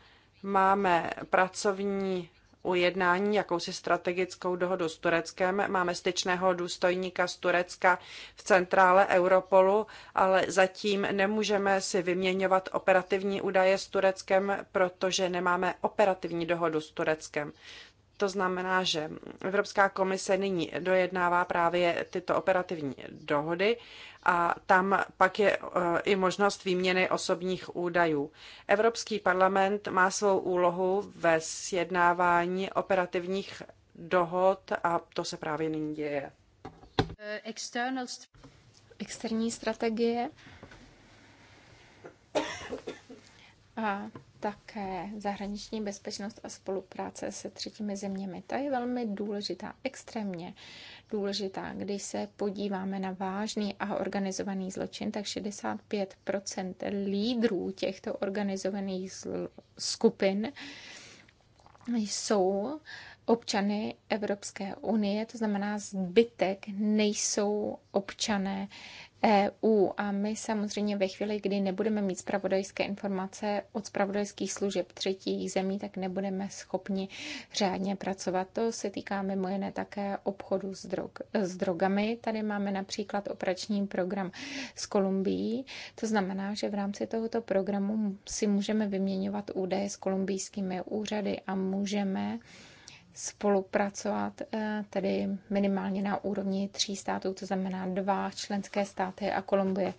máme pracovní ujednání, jakousi strategickou dohodu s Tureckem. Máme styčného důstojníka z Turecka v centrále Europolu, ale zatím nemůžeme si vyměňovat operativní údaje s Tureckem, protože nemáme operativní dohodu s Tureckem. To znamená, že Evropská komise nyní dojednává právě tyto operativní dohody a tam pak je e, i možnost výměny osobních údajů. Evropský parlament má svou úlohu ve sjednávání operativních dohod a to se právě nyní děje. Externí strategie. A také zahraniční bezpečnost a spolupráce se třetími zeměmi. Ta je velmi důležitá, extrémně důležitá. Když se podíváme na vážný a organizovaný zločin, tak 65 lídrů těchto organizovaných skupin jsou občany Evropské unie, to znamená zbytek nejsou občané EU a my samozřejmě ve chvíli, kdy nebudeme mít spravodajské informace od spravodajských služeb třetích zemí, tak nebudeme schopni řádně pracovat. To se týká mimo jiné také obchodu s, drog, s drogami. Tady máme například operační program s Kolumbií. To znamená, že v rámci tohoto programu si můžeme vyměňovat údaje s kolumbijskými úřady a můžeme spolupracovat eh, tedy minimálně na úrovni tří států, to znamená dva členské státy a Kolumbie.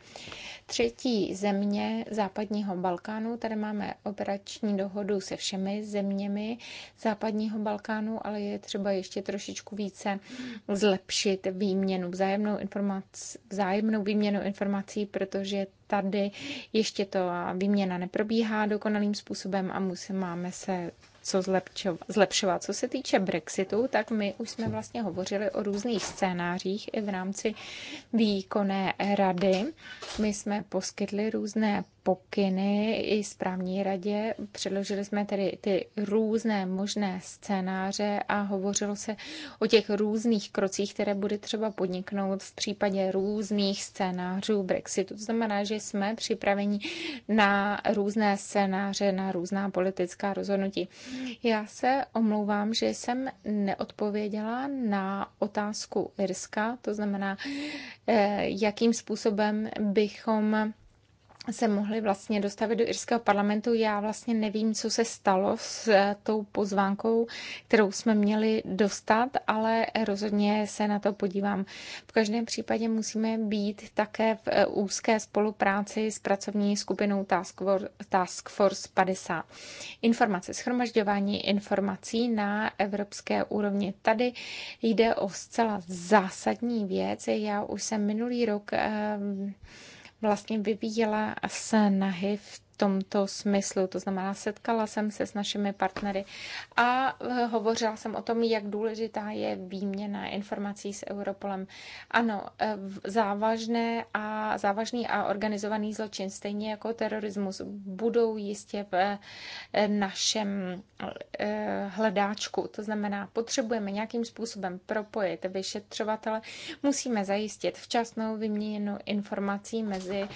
Třetí země západního Balkánu, tady máme operační dohodu se všemi zeměmi západního Balkánu, ale je třeba ještě trošičku více zlepšit výměnu, vzájemnou, informac, vzájemnou výměnu informací, protože tady ještě to výměna neprobíhá dokonalým způsobem a musí, máme se co zlepšovat. Co se týče Brexitu, tak my už jsme vlastně hovořili o různých scénářích i v rámci výkonné rady. My jsme poskytli různé pokyny i správní radě. Předložili jsme tedy ty různé možné scénáře a hovořilo se o těch různých krocích, které bude třeba podniknout v případě různých scénářů Brexitu. To znamená, že jsme připraveni na různé scénáře, na různá politická rozhodnutí. Já se omlouvám, že jsem neodpověděla na otázku Irska, to znamená, eh, jakým způsobem bychom se mohli vlastně dostavit do irského parlamentu. Já vlastně nevím, co se stalo s eh, tou pozvánkou, kterou jsme měli dostat, ale rozhodně se na to podívám. V každém případě musíme být také v eh, úzké spolupráci s pracovní skupinou Task Force 50. Informace, schromažďování informací na evropské úrovni. Tady jde o zcela zásadní věc. Já už jsem minulý rok ehm, vlastně vyvíjela snahy v tomto smyslu. To znamená, setkala jsem se s našimi partnery a eh, hovořila jsem o tom, jak důležitá je výměna informací s Europolem. Ano, eh, závažné a závažný a organizovaný zločin, stejně jako terorismus, budou jistě v eh, našem hledáčku. To znamená, potřebujeme nějakým způsobem propojit vyšetřovatele, musíme zajistit včasnou výměnu informací mezi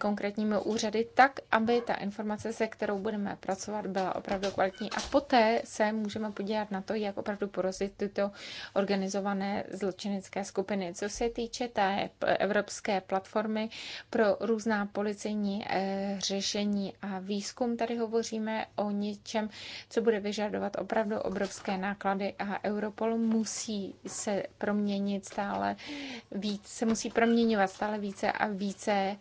konkrétními úřady tak, aby ta informace, se kterou budeme pracovat, byla opravdu kvalitní. A poté se můžeme podívat na to, jak opravdu porozit tyto organizované zločinecké skupiny. Co se týče té evropské platformy pro různá policejní eh, řešení a výzkum, tady hovoříme o něčem, co bude vyžadovat opravdu obrovské náklady a Europol musí se proměnit stále více, se musí proměňovat stále více a více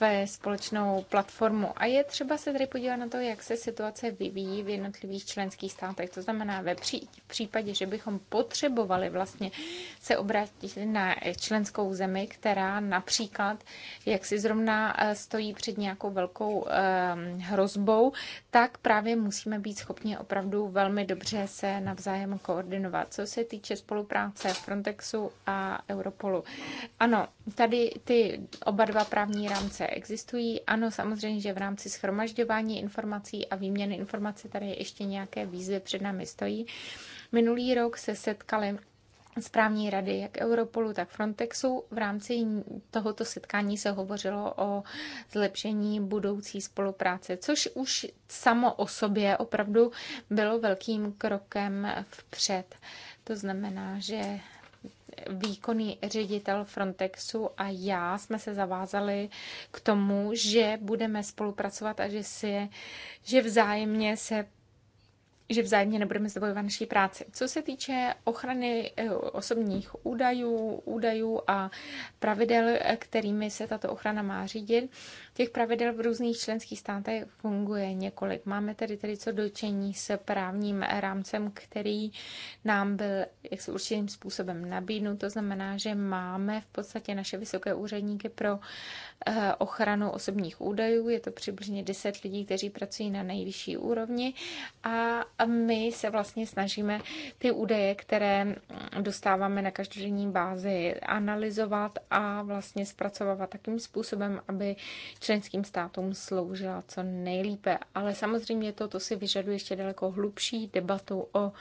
ve společnou platformu. A je třeba se tady podívat na to, jak se situace vyvíjí v jednotlivých členských státech. To znamená, ve pří, v případě, že bychom potřebovali vlastně se obrátit na členskou zemi, která například, jak si zrovna eh, stojí před nějakou velkou ehm, hrozbou, tak právě musíme být schopni opravdu velmi dobře se navzájem koordinovat. Co se týče spolupráce Frontexu a Europolu. Ano, tady ty oba dva právní rámy rámce existují. Ano, samozřejmě, že v rámci schromažďování informací a výměny informací tady ještě nějaké výzvy před námi stojí. Minulý rok se setkali správní rady jak Europolu, tak Frontexu. V rámci tohoto setkání se hovořilo o zlepšení budoucí spolupráce, což už samo o sobě opravdu bylo velkým krokem vpřed. To znamená, že výkonný ředitel Frontexu a já jsme se zavázali k tomu, že budeme spolupracovat a že, si, že vzájemně se že vzájemně nebudeme zdvojovat naší práci. Co se týče ochrany eh, osobních údajů, údajů a pravidel, kterými se tato ochrana má řídit, Těch pravidel v různých členských státech funguje několik. Máme tedy tedy co dočení s právním rámcem, který nám byl jak se určitým způsobem nabídnut. To znamená, že máme v podstatě naše vysoké úředníky pro eh, ochranu osobních údajů. Je to přibližně 10 lidí, kteří pracují na nejvyšší úrovni a my se vlastně snažíme ty údaje, které dostáváme na každodenní bázi, analyzovat a vlastně zpracovávat takým způsobem, aby členským státům sloužila co nejlípe. Ale samozřejmě to, si vyžaduje ještě daleko hlubší debatu o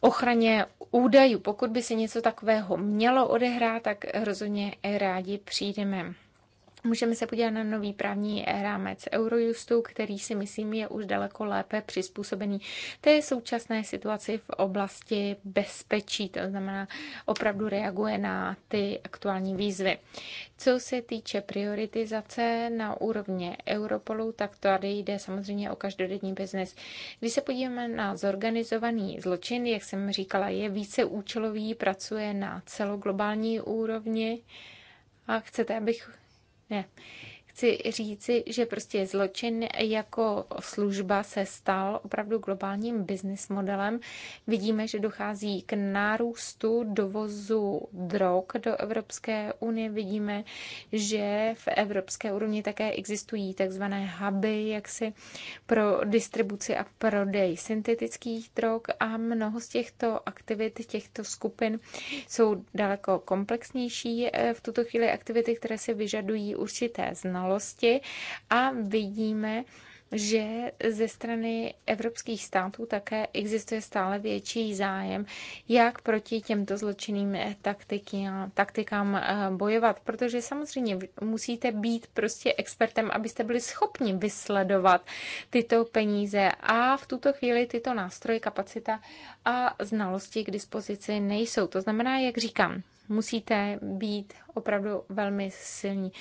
ochraně údajů. Pokud by se něco takového mělo odehrát, tak rozhodně rádi přijdeme. Můžeme se podívat na nový právní rámec Eurojustu, který si myslím je už daleko lépe přizpůsobený té současné situaci v oblasti bezpečí, to znamená opravdu reaguje na ty aktuální výzvy. Co se týče prioritizace na úrovně Europolu, tak tady jde samozřejmě o každodenní biznes. Když se podíváme na zorganizovaný zločin, jak jsem říkala, je více účelový, pracuje na celoglobální úrovni a chcete, abych ne chci říci, že prostě zločin jako služba se stal opravdu globálním business modelem. Vidíme, že dochází k nárůstu dovozu drog do Evropské unie. Vidíme, že v evropské úrovni také existují takzvané huby, jaksi pro distribuci a prodej syntetických drog a mnoho z těchto aktivit, těchto skupin jsou daleko komplexnější eh, v tuto chvíli aktivity, které se vyžadují určité znalosti znalosti a vidíme, že ze strany evropských států také existuje stále větší zájem, jak proti těmto zločinným taktikám eh, bojovat, protože samozřejmě musíte být prostě expertem, abyste byli schopni vysledovat tyto peníze a v tuto chvíli tyto nástroje, kapacita a znalosti k dispozici nejsou. To znamená, jak říkám, musíte být opravdu velmi silní.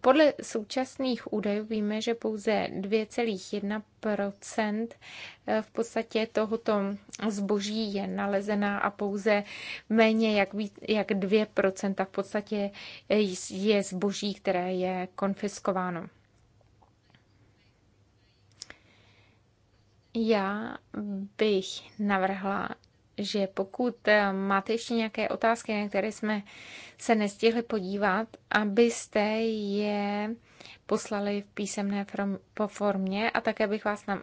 Podle současných údajů víme, že pouze 2,1% eh, v podstatě tohoto zboží je nalezená a pouze méně jak, jak 2% v podstatě eh, je zboží, které je konfiskováno. Já bych navrhla že pokud eh, máte ještě nějaké otázky, na které jsme se nestihli podívat, abyste je poslali v písemné form, po formě a také bych vás na,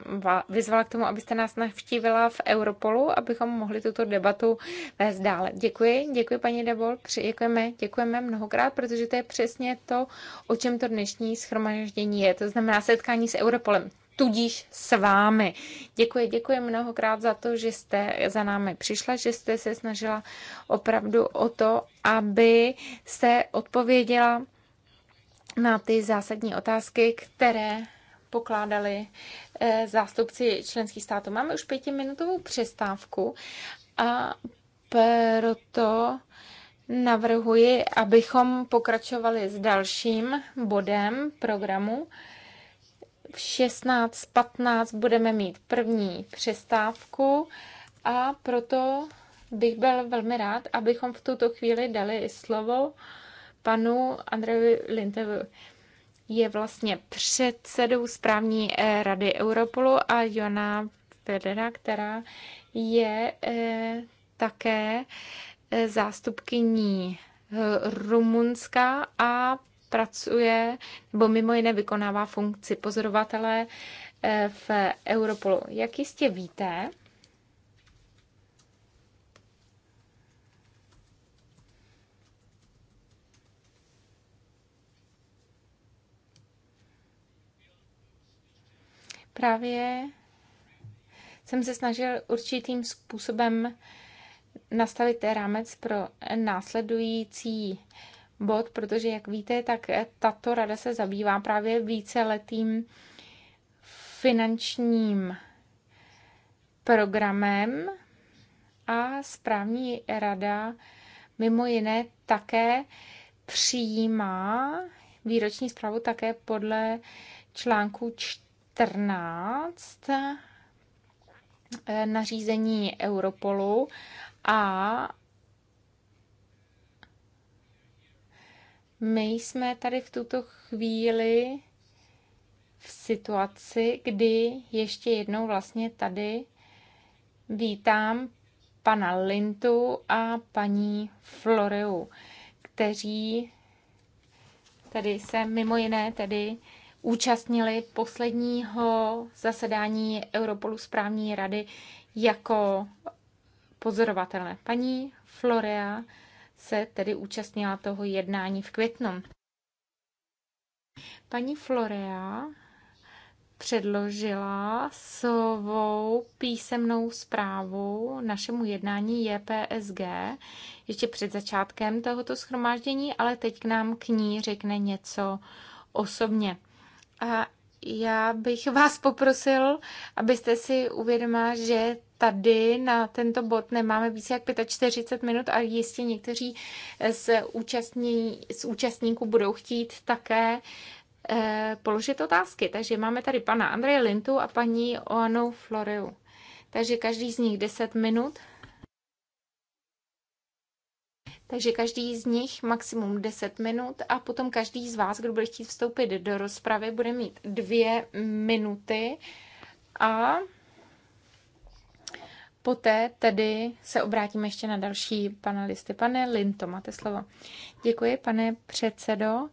vyzvala k tomu, abyste nás navštívila v Europolu, abychom mohli tuto debatu vést dále. Děkuji, děkuji paní Debol, děkujeme, děkujeme mnohokrát, protože to je přesně to, o čem to dnešní schromaždění je, to znamená setkání s Europolem tudíž s vámi. Děkuji, děkuji mnohokrát za to, že jste za námi přišla, že jste se snažila opravdu o to, aby se odpověděla na ty zásadní otázky, které pokládali eh, zástupci členských států. Máme už pětiminutovou přestávku a proto navrhuji, abychom pokračovali s dalším bodem programu v 16.15 budeme mít první přestávku a proto bych byl velmi rád, abychom v tuto chvíli dali slovo panu Andrejovi Lintevu. Je vlastně předsedou správní eh, rady Europolu a Jona Federa, která je eh, také eh, zástupkyní Rumunska a pracuje nebo mimo jiné vykonává funkci pozorovatele eh, v Europolu. Jak jistě víte, právě jsem se snažil určitým způsobem nastavit rámec pro následující bod, protože, jak víte, tak tato rada se zabývá právě víceletým finančním programem a správní rada mimo jiné také přijímá výroční zprávu také podle článku 14 eh, nařízení Europolu a My jsme tady v tuto chvíli v situaci, kdy ještě jednou vlastně tady vítám pana Lintu a paní Floreu, kteří tady se mimo jiné tedy účastnili posledního zasedání Europolu správní rady jako pozorovatelé. Paní Florea se tedy účastnila toho jednání v květnu. Paní Florea předložila svou písemnou zprávu našemu jednání JPSG ještě před začátkem tohoto schromáždění, ale teď k nám k ní řekne něco osobně. A já bych vás poprosil, abyste si uvědomila, že tady na tento bod nemáme více jak 45 minut a jistě někteří z, účastní, z účastníků budou chtít také eh, položit otázky. Takže máme tady pana Andreje Lintu a paní Oanu Floreu. Takže každý z nich 10 minut takže každý z nich maximum 10 minut a potom každý z vás, kdo bude chtít vstoupit do rozpravy, bude mít dvě minuty a poté tedy se obrátíme ještě na další panelisty. Pane Linto, máte slovo. Děkuji, pane předsedo.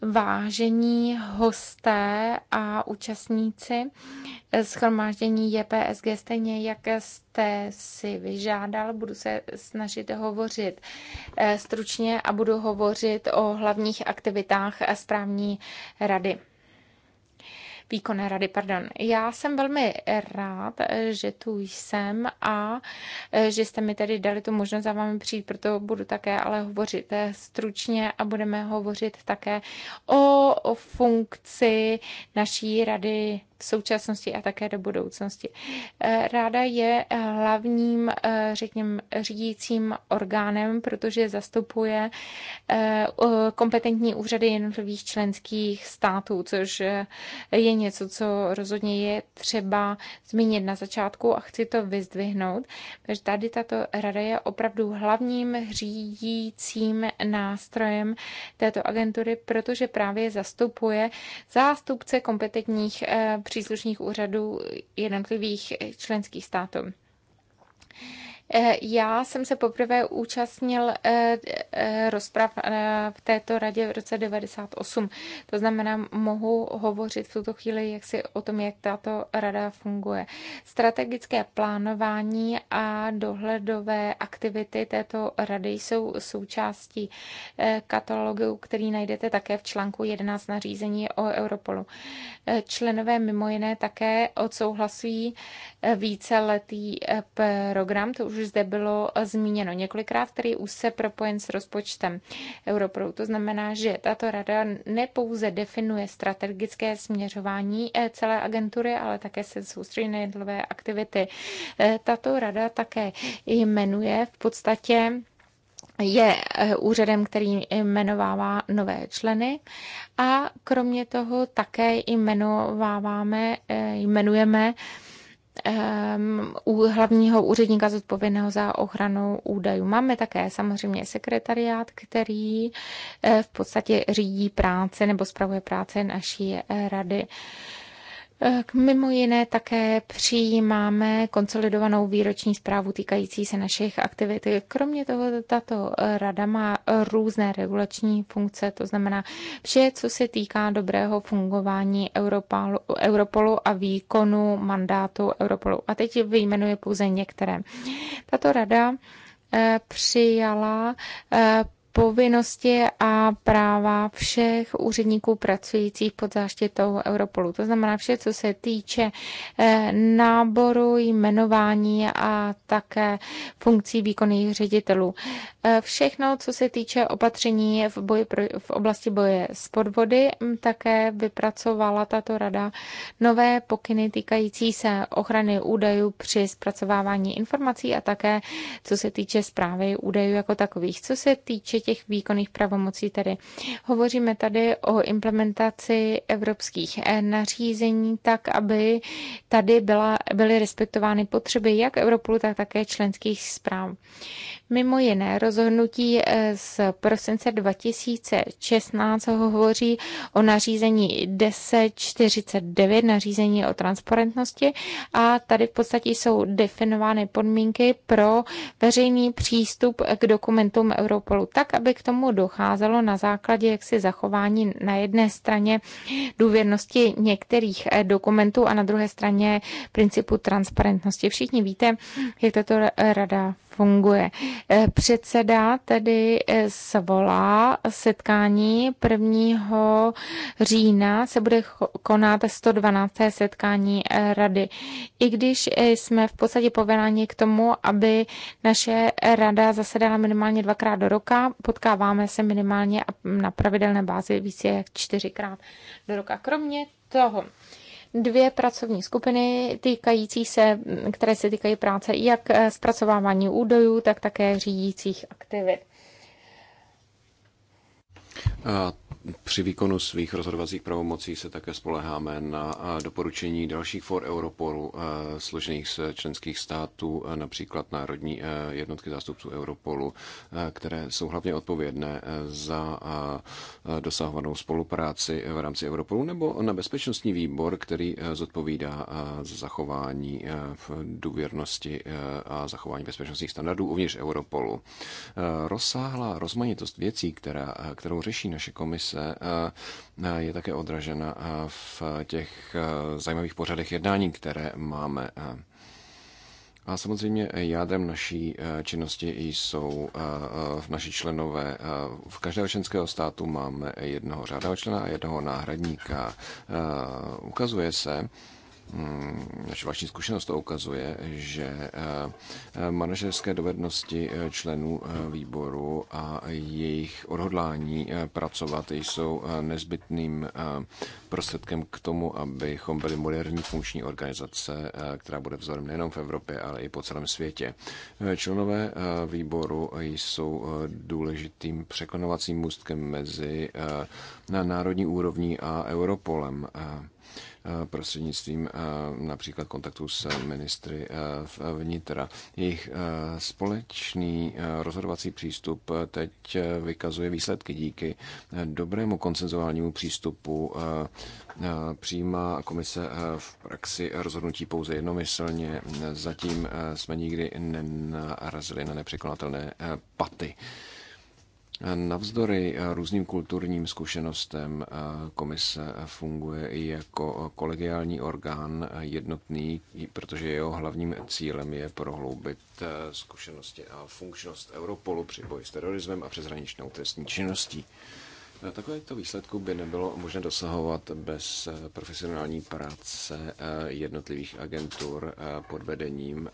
Vážení hosté a účastníci schromáždění JPSG, stejně jak jste si vyžádal, budu se snažit hovořit eh, stručně a budu hovořit o hlavních aktivitách správní rady výkonné rady, pardon. Já jsem velmi rád, eh, že tu jsem a eh, že jste mi tedy dali tu možnost za vámi přijít, proto budu také ale hovořit eh, stručně a budeme hovořit také o, o funkci naší rady v současnosti a také do budoucnosti. Eh, ráda je eh, hlavním, eh, řekněme, řídícím orgánem, protože zastupuje kompetentní úřady jednotlivých členských států, což je něco, co rozhodně je třeba zmínit na začátku a chci to vyzdvihnout, protože tady tato rada je opravdu hlavním řídícím nástrojem této agentury, protože právě zastupuje zástupce kompetentních příslušných úřadů jednotlivých členských států. Eh, já jsem se poprvé účastnil eh, eh, rozprav v této radě v roce 98. To znamená, mohu hovořit v tuto chvíli jak si o tom, jak tato rada funguje. Strategické plánování a dohledové aktivity této rady jsou součástí katalogu, který najdete také v článku 11 nařízení o Europolu. Členové mimo jiné také odsouhlasují víceletý eh, program, to už zde bylo eh, zmíněno několikrát, který už se propojen s rozpočtem Europro. To znamená, že tato rada nepouze definuje strategické směřování eh, celé agentury, ale také se soustředí na jednotlivé aktivity. Tato rada také jmenuje v podstatě je úřadem, který jmenovává nové členy a kromě toho také jmenováváme, jmenujeme um, hlavního úředníka zodpovědného za ochranu údajů. Máme také samozřejmě sekretariát, který eh, v podstatě řídí práci nebo spravuje práci naší rady. Eh, mimo jiné také přijímáme konsolidovanou výroční zprávu týkající se našich aktivit. Kromě toho tato rada má různé regulační funkce, to znamená vše, co se týká dobrého fungování Europolu, Europolu a výkonu mandátu Europolu. A teď vyjmenuje pouze některé. Tato rada eh, přijala eh, povinnosti a práva všech úředníků pracujících pod záštitou Europolu. To znamená vše, co se týče eh, náboru, jmenování a také funkcí výkonných ředitelů. Eh, všechno, co se týče opatření v, boji pro, v oblasti boje s podvody, mm, také vypracovala tato rada nové pokyny týkající se ochrany údajů při zpracovávání informací a také co se týče zprávy údajů jako takových. Co se týče těch výkonných pravomocí tedy. Hovoříme tady o implementaci evropských eh, nařízení tak, aby tady byla, byly respektovány potřeby jak Europolu, tak také členských zpráv. Mimo jiné rozhodnutí eh, z prosince 2016 hovoří o nařízení 1049, nařízení o transparentnosti a tady v podstatě jsou definovány podmínky pro veřejný přístup k dokumentům Europolu tak, aby k tomu docházelo na základě jaksi zachování na jedné straně důvěrnosti některých eh, dokumentů a na druhé straně principu transparentnosti. Všichni víte, jak tato rada funguje. Eh, předseda tedy eh, svolá setkání 1. října, se bude konat 112. setkání eh, rady. I když jsme v podstatě povoláni k tomu, aby naše rada zasedala minimálně dvakrát do roka, potkáváme se minimálně na pravidelné bázi více jak čtyřikrát do roka. Kromě toho, dvě pracovní skupiny týkající se, které se týkají práce jak zpracovávání údajů, tak také řídících aktivit při výkonu svých rozhodovacích pravomocí se také spoleháme na doporučení dalších for Europolu složených z členských států, například Národní jednotky zástupců Europolu, které jsou hlavně odpovědné za dosahovanou spolupráci v rámci Europolu, nebo na bezpečnostní výbor, který zodpovídá za zachování důvěrnosti a zachování bezpečnostních standardů uvnitř Europolu. Rozsáhlá rozmanitost věcí, která, kterou řeší naše komise, komise eh, je také odražena eh, v těch eh, zajímavých pořadech jednání, které máme. A samozřejmě jádrem naší činnosti jsou v naši členové. V každého členského státu máme jednoho řádného člena a jednoho náhradníka. Ukazuje se, Mm, naše vlastní zkušenost to ukazuje, že eh, eh, manažerské dovednosti eh, členů výboru a jejich odhodlání pracovat jsou nezbytným prostředkem k tomu, abychom byli moderní funkční organizace, která bude vzorem nejenom v Evropě, ale i po celém světě. Členové výboru jsou důležitým překonovacím můstkem mezi na národní úrovní a Europolem. Eh, prostřednictvím eh, například kontaktu s ministry eh, vnitra. Jejich společný rozhodovací přístup teď vykazuje výsledky díky dobrému koncenzuálnímu přístupu. Přijímá komise v praxi rozhodnutí pouze jednomyslně. Zatím jsme nikdy nenarazili na nepřekonatelné paty. Navzdory eh, různým kulturním zkušenostem eh, komise funguje i jako kolegiální orgán eh, jednotný, protože jeho hlavním cílem je prohloubit zkušenosti a funkčnost Europolu při boji s terorismem a přeshraničnou trestní činností to výsledku by nebylo možné dosahovat bez eh, profesionální práce eh, jednotlivých agentur eh, pod vedením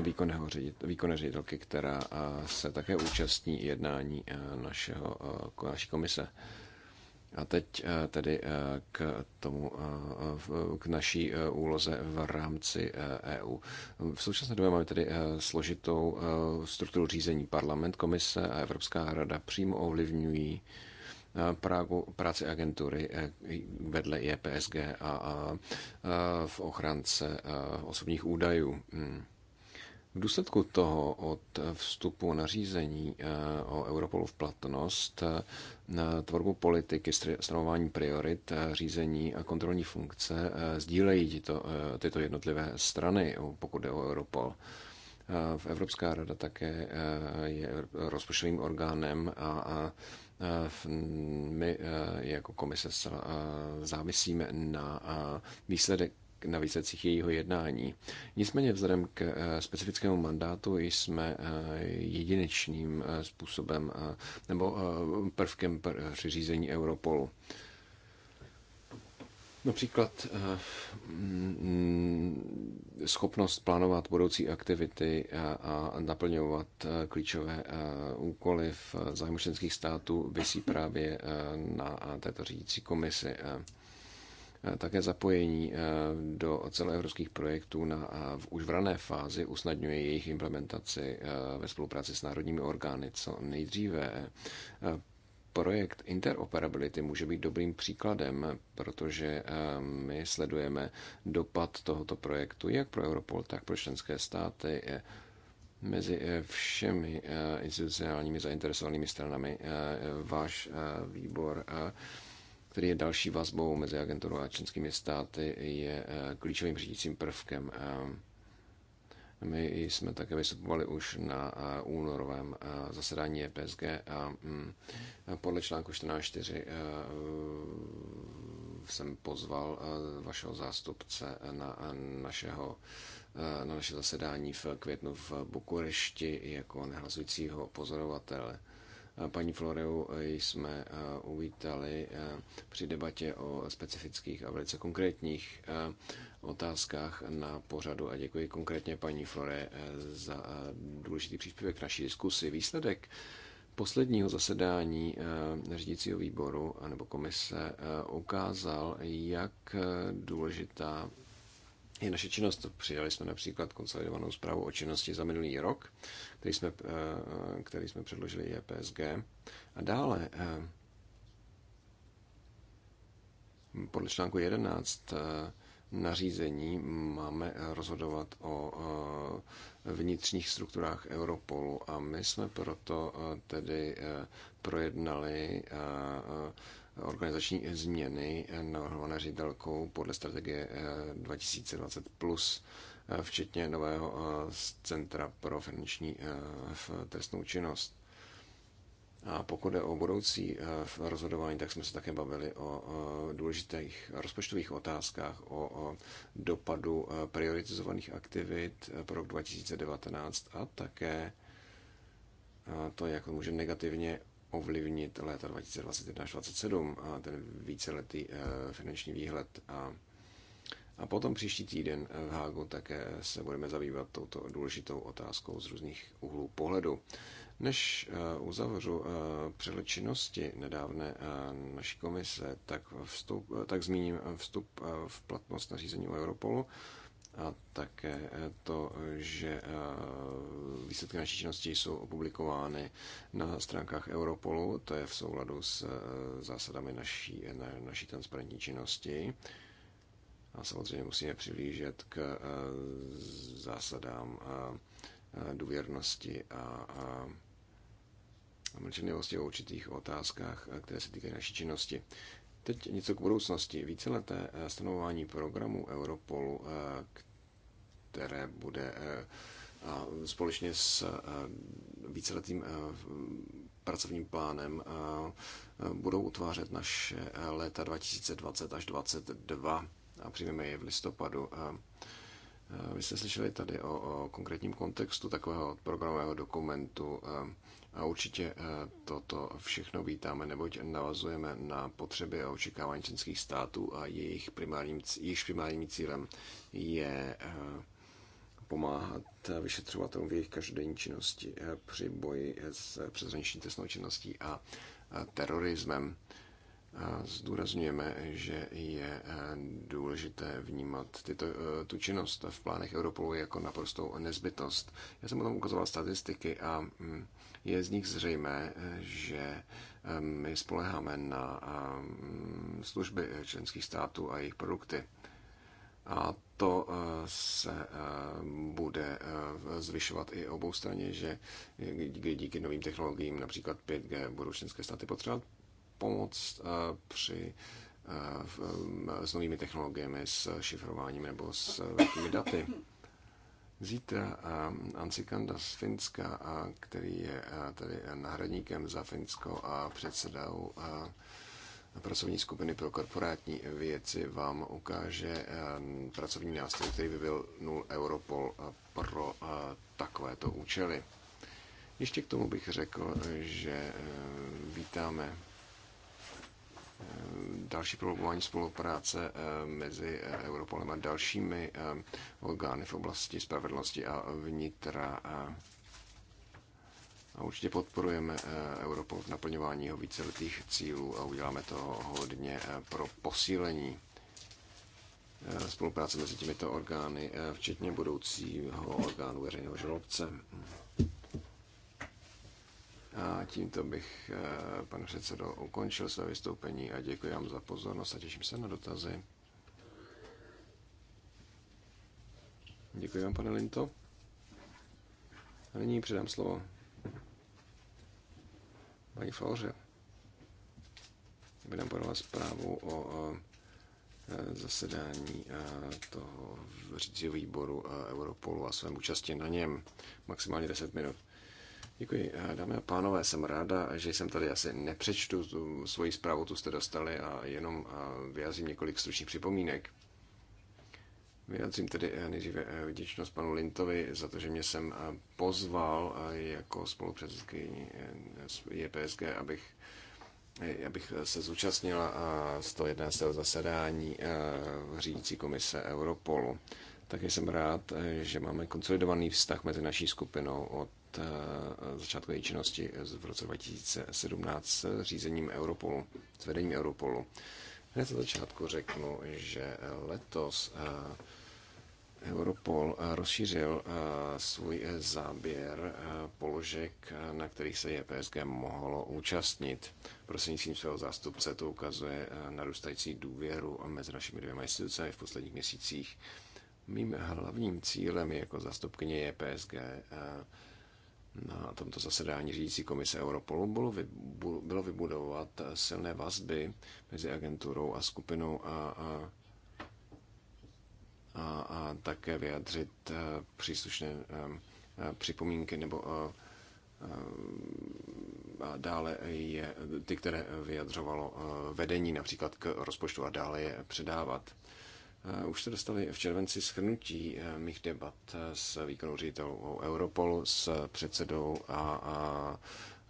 výkonného ředit, výkonné ředitelky, která se také účastní jednání našeho, naší komise. A teď tedy k tomu, k naší úloze v rámci EU. E v současné době máme tedy složitou strukturu řízení parlament, komise a Evropská rada přímo ovlivňují Prahu, práci agentury eh, vedle IPSG e a eh, v ochrance eh, osobních údajů. Hmm. V důsledku toho od vstupu nařízení o Europolu v platnost, tvorbu politiky, stanování priorit, řízení a kontrolní funkce sdílejí tyto, tyto jednotlivé strany, pokud jde o Europol. V Evropská rada také je rozpočtovým orgánem a, a Eh, my eh, jako komise eh, závisíme na výsledek na výsledcích jejího jednání. Nicméně vzhledem k specifickému mandátu jsme jedinečným způsobem nebo prvkem při řízení Europolu. Například eh, mm, schopnost plánovat budoucí aktivity a naplňovat eh, klíčové eh, úkoly v zájmu členských států vysí právě na této řídící komisi. Také zapojení do celoevropských projektů na, v už v rané fázi usnadňuje jejich implementaci ve spolupráci s národními orgány co nejdříve projekt interoperability může být dobrým příkladem, protože eh, my sledujeme dopad tohoto projektu jak pro Europol, tak pro členské státy eh, mezi eh, všemi institucionálními zainteresovanými stranami. Váš výbor, který je další vazbou mezi agenturou a členskými státy, je klíčovým řídícím prvkem my jsme také vystupovali už na eh, únorovém eh, zasedání EPSG a mm, podle článku 14.4 eh, jsem pozval vašeho zástupce na našeho na naše zasedání v květnu v Bukurešti jako nehlasujícího pozorovatele paní Floreu eh, jsme eh, uvítali eh, při debatě o specifických a velice konkrétních otázkách na pořadu a děkuji konkrétně paní Flore za důležitý příspěvek naší diskusi. Výsledek posledního zasedání řídícího výboru nebo komise ukázal, jak důležitá je naše činnost. Přijali jsme například konsolidovanou zprávu o činnosti za minulý rok, který jsme, eh, který jsme předložili EPSG. A dále eh, podle článku 11 eh, nařízení máme rozhodovat o vnitřních strukturách Europolu a my jsme proto tedy projednali organizační změny navrhované ředitelkou podle strategie 2020+, eh, plus, eh, včetně nového eh, Centra pro finanční trestnou činnost. A pokud je o budoucí rozhodování, tak jsme se také bavili o důležitých rozpočtových otázkách, o dopadu prioritizovaných aktivit pro rok 2019 a také to, jak může negativně ovlivnit léta 2021 27 2027 a ten víceletý eh, finanční výhled. A, a potom příští týden eh, v Hágu také se budeme zabývat touto důležitou otázkou z různých úhlů pohledu. Než eh, uzavřu přehled činnosti nedávné naší komise, tak, vstup, tak zmíním vstup v platnost nařízení o Europolu a také eh, to, že eh, výsledky naší činnosti jsou opublikovány na stránkách Europolu, to je v souladu s eh, zásadami naší, na, naší transparentní činnosti. A samozřejmě musíme přilížet k zásadám důvěrnosti a, a mlčenlivosti o určitých otázkách, které se týkají naší činnosti. Teď něco k budoucnosti. Víceleté eh, stanovování programu Europolu, eh, které bude eh, společně s víceletým pracovním plánem budou utvářet naše léta 2020 až 2022 a přijmeme je v listopadu. Vy jste slyšeli tady o, o konkrétním kontextu takového programového dokumentu. A určitě eh, toto všechno vítáme, neboť navazujeme na potřeby a očekávání členských států a jejich primárním, jejich primárním cílem je eh, pomáhat vyšetřovatelům v jejich každodenní činnosti eh, při boji s přeshraniční trestnou činností a terorismem. Zdůrazňujeme, že je důležité vnímat tyto, tu činnost v plánech Europolu jako naprostou nezbytnost. Já jsem o tom ukazoval statistiky a mm, je z nich zřejmé, že my spoleháme na služby členských států a jejich produkty. A to eh, se bude eh, zvyšovat i obou straně, že eh, díky novým technologiím, například 5G, budou členské státy potřebovat pomoc při s novými technologiemi, s šifrováním nebo s velkými daty. Zítra eh, eh, Ansi Kanda z Finska, eh, který je tady náhradníkem za Finsko a předsedou pracovní skupiny pro korporátní věci vám ukáže pracovní nástroj, který vyvinul Europol pro takovéto účely. Ještě k tomu bych řekl, že vítáme Eh, další prohlubování spolupráce eh, mezi eh, Europolem a dalšími orgány v oblasti spravedlnosti a vnitra. A určitě podporujeme Europol v naplňování jeho víceletých cílů a uděláme to hodně pro posílení spolupráce mezi těmito orgány, včetně budoucího orgánu veřejného žalobce. A tímto bych, eh, pane předsedo, ukončil své vystoupení a děkuji vám za pozornost a těším se na dotazy. Děkuji vám, pane Linto. A nyní předám slovo paní Floře. Aby nám podala zprávu o eh, zasedání eh, toho řídícího výboru Europolu a svém účasti na něm. Maximálně 10 minut. Děkuji. Dámy a pánové, jsem ráda, že jsem tady asi nepřečtu tu svoji zprávu, tu jste dostali a jenom vyjádřím několik stručných připomínek. Vyjádřím tedy eh, nejdříve eh, vděčnost panu Lintovi za to, že mě jsem eh, pozval jako spolupředsedkyni JPSG, abych abych se zúčastnila 111. zasedání řídící komise Europolu. Taky jsem rád, že máme konsolidovaný vztah mezi naší skupinou od Eh, začátku její činnosti v roce 2017 s řízením Europolu, s vedením Europolu. Hned na začátku řeknu, že letos eh, Europol eh, rozšířil svůj záběr položek, na kterých se JPSG mohlo účastnit. Prostřednictvím svého zástupce to ukazuje narůstající důvěru mezi našimi dvěma institucemi v posledních měsících. Mým hlavním cílem jako zastupkyně JPSG na tomto zasedání řídící komise Europolu bylo, vybu- bylo vybudovat silné vazby mezi agenturou a skupinou a, a, a, a také vyjadřit eh, příslušné eh, eh, připomínky nebo a, a dále je ty, které vyjadřovalo vedení například k rozpočtu a dále je předávat. Eh, už jste dostali v červenci schrnutí eh, mých debat eh, s výkonnou ředitelou Europolu, s předsedou a, a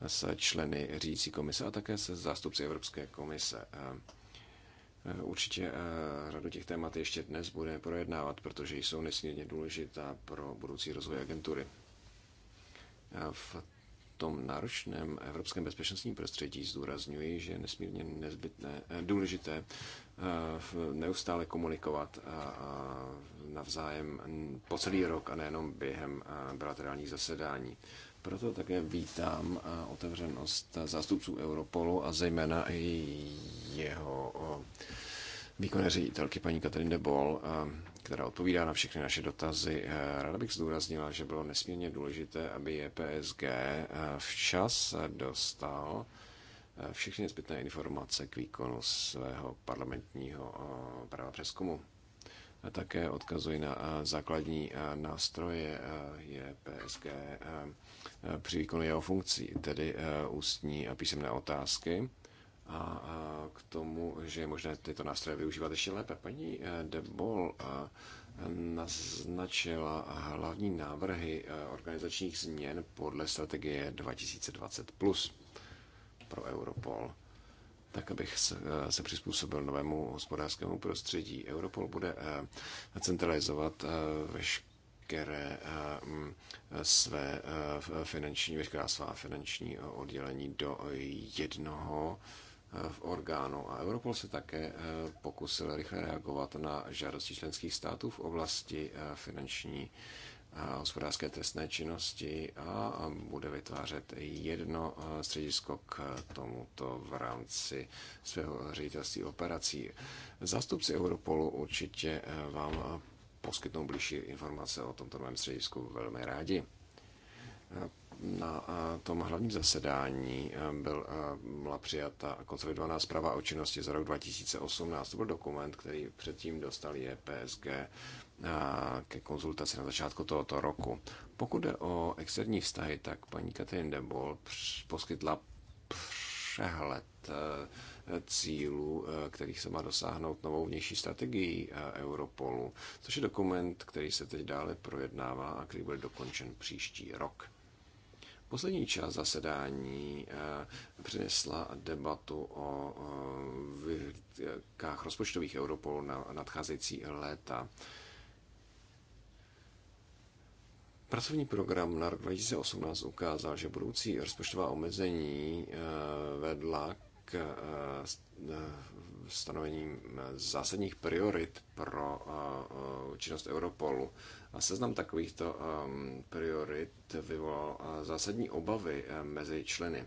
s členy řídící komise a také se zástupci Evropské komise. Určitě řadu těch témat ještě dnes budeme projednávat, protože jsou nesmírně důležitá pro budoucí rozvoj agentury. V tom náročném evropském bezpečnostním prostředí zdůrazňuji, že je nesmírně nezbytné, eh, důležité eh, neustále komunikovat eh, navzájem po celý rok a nejenom během bilaterálních zasedání. Proto také vítám otevřenost zástupců Europolu a zejména i jeho výkonné ředitelky paní Katrin de Bol která odpovídá na všechny naše dotazy. Eh, Ráda bych zdůraznila, že bylo nesmírně důležité, aby EPSG eh, včas dostal eh, všechny nezbytné informace k výkonu svého parlamentního práva přeskumu. Také odkazuji na základní nástroje EPSG při výkonu jeho funkcí, tedy ústní a písemné otázky a k tomu, že je možné tyto nástroje využívat ještě lépe. Paní eh, Debol eh, naznačila hlavní návrhy eh, organizačních změn podle strategie 2020 plus pro Europol, tak abych se přizpůsobil novému hospodářskému prostředí. Europol bude centralizovat veškeré mm, své finanční, veškerá svá finanční oddělení do jednoho v orgánu. A Europol se také eh, pokusil rychle reagovat na žádosti členských států v oblasti eh, finanční a hospodářské trestné činnosti a bude vytvářet jedno eh, středisko k tomuto v rámci svého ředitelství operací. Zástupci Europolu určitě vám poskytnou blížší informace o tomto novém středisku velmi rádi na eh, tom hlavním zasedání eh, byl, eh, byla přijata konsolidovaná zpráva o činnosti za rok 2018. To byl dokument, který předtím dostal je PSG ke konzultaci na začátku tohoto roku. Pokud jde o externí vztahy, tak paní Katrin Debol poskytla přehled cílů, kterých se má dosáhnout novou vnější strategií Europolu, což je dokument, který se teď dále projednává a který bude dokončen příští rok. Poslední část zasedání eh, přinesla debatu o eh, vyhlídkách rozpočtových Europolů na nadcházející léta. Pracovní program na rok 2018 ukázal, že budoucí rozpočtová omezení eh, vedla k stanovením zásadních priorit pro činnost Europolu. A seznam takovýchto ehm, priorit vyvolal zásadní obavy e, mezi členy e,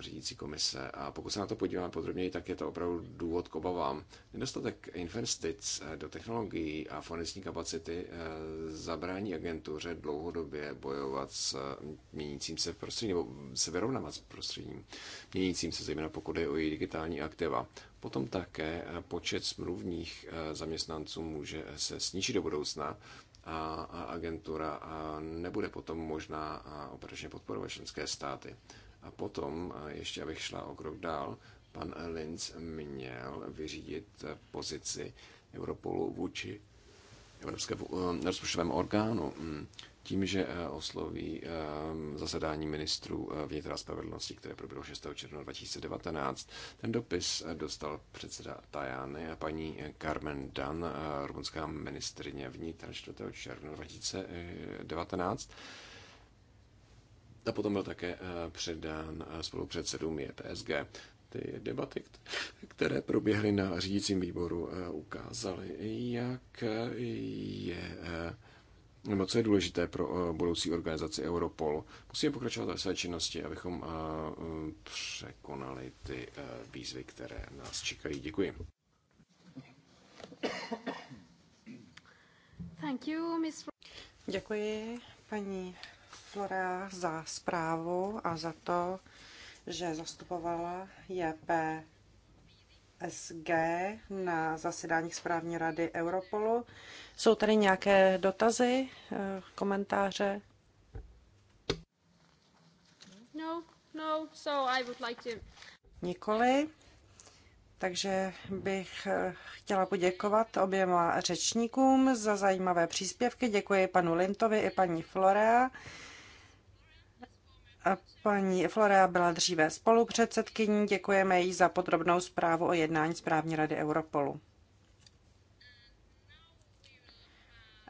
řídící komise. A pokud se na to podíváme podrobněji, tak je to opravdu důvod k obavám. Nedostatek investic e, do technologií a forenzní kapacity zabrání agentuře dlouhodobě bojovat s měnícím se prostředím, nebo se vyrovnávat s prostředím měnícím se, zejména pokud je o její digitální aktiva. Potom také eh, počet smluvních eh, zaměstnanců může eh, se snížit do budoucna a agentura nebude potom možná operačně podporovat členské státy. A potom, ještě abych šla o krok dál, pan Linz měl vyřídit pozici Europolu vůči Evropskému rozpočtovému orgánu. Hmm tím, že eh, osloví eh, zasedání ministrů eh, vnitra spravedlnosti, které proběhlo 6. června 2019. Ten dopis dostal předseda Tajány a paní Carmen Dan, rumunská ministrině vnitra 4. června 2019. A potom byl také předán spolupředsedům JPSG. Ty debaty, které proběhly na řídícím výboru, ukázaly, jak je nebo co je důležité pro eh, budoucí organizaci Europol. Musíme pokračovat ve své činnosti, abychom eh, překonali ty eh, výzvy, které nás čekají. Děkuji. Thank you, Miss... Děkuji, paní Flora, za zprávu a za to, že zastupovala SG na zasedání správní rady Europolu. Jsou tady nějaké dotazy, eh, komentáře? No, no, so I would like to... Nikoli. Takže bych eh, chtěla poděkovat oběma řečníkům za zajímavé příspěvky. Děkuji panu Lintovi i paní Florea. A paní Florea byla dříve spolupředsedkyní. Děkujeme jí za podrobnou zprávu o jednání správní rady Europolu.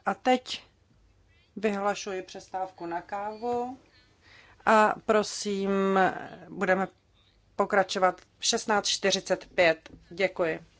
A teď vyhlašuji přestávku na kávu a prosím, budeme pokračovat v 16.45. Děkuji.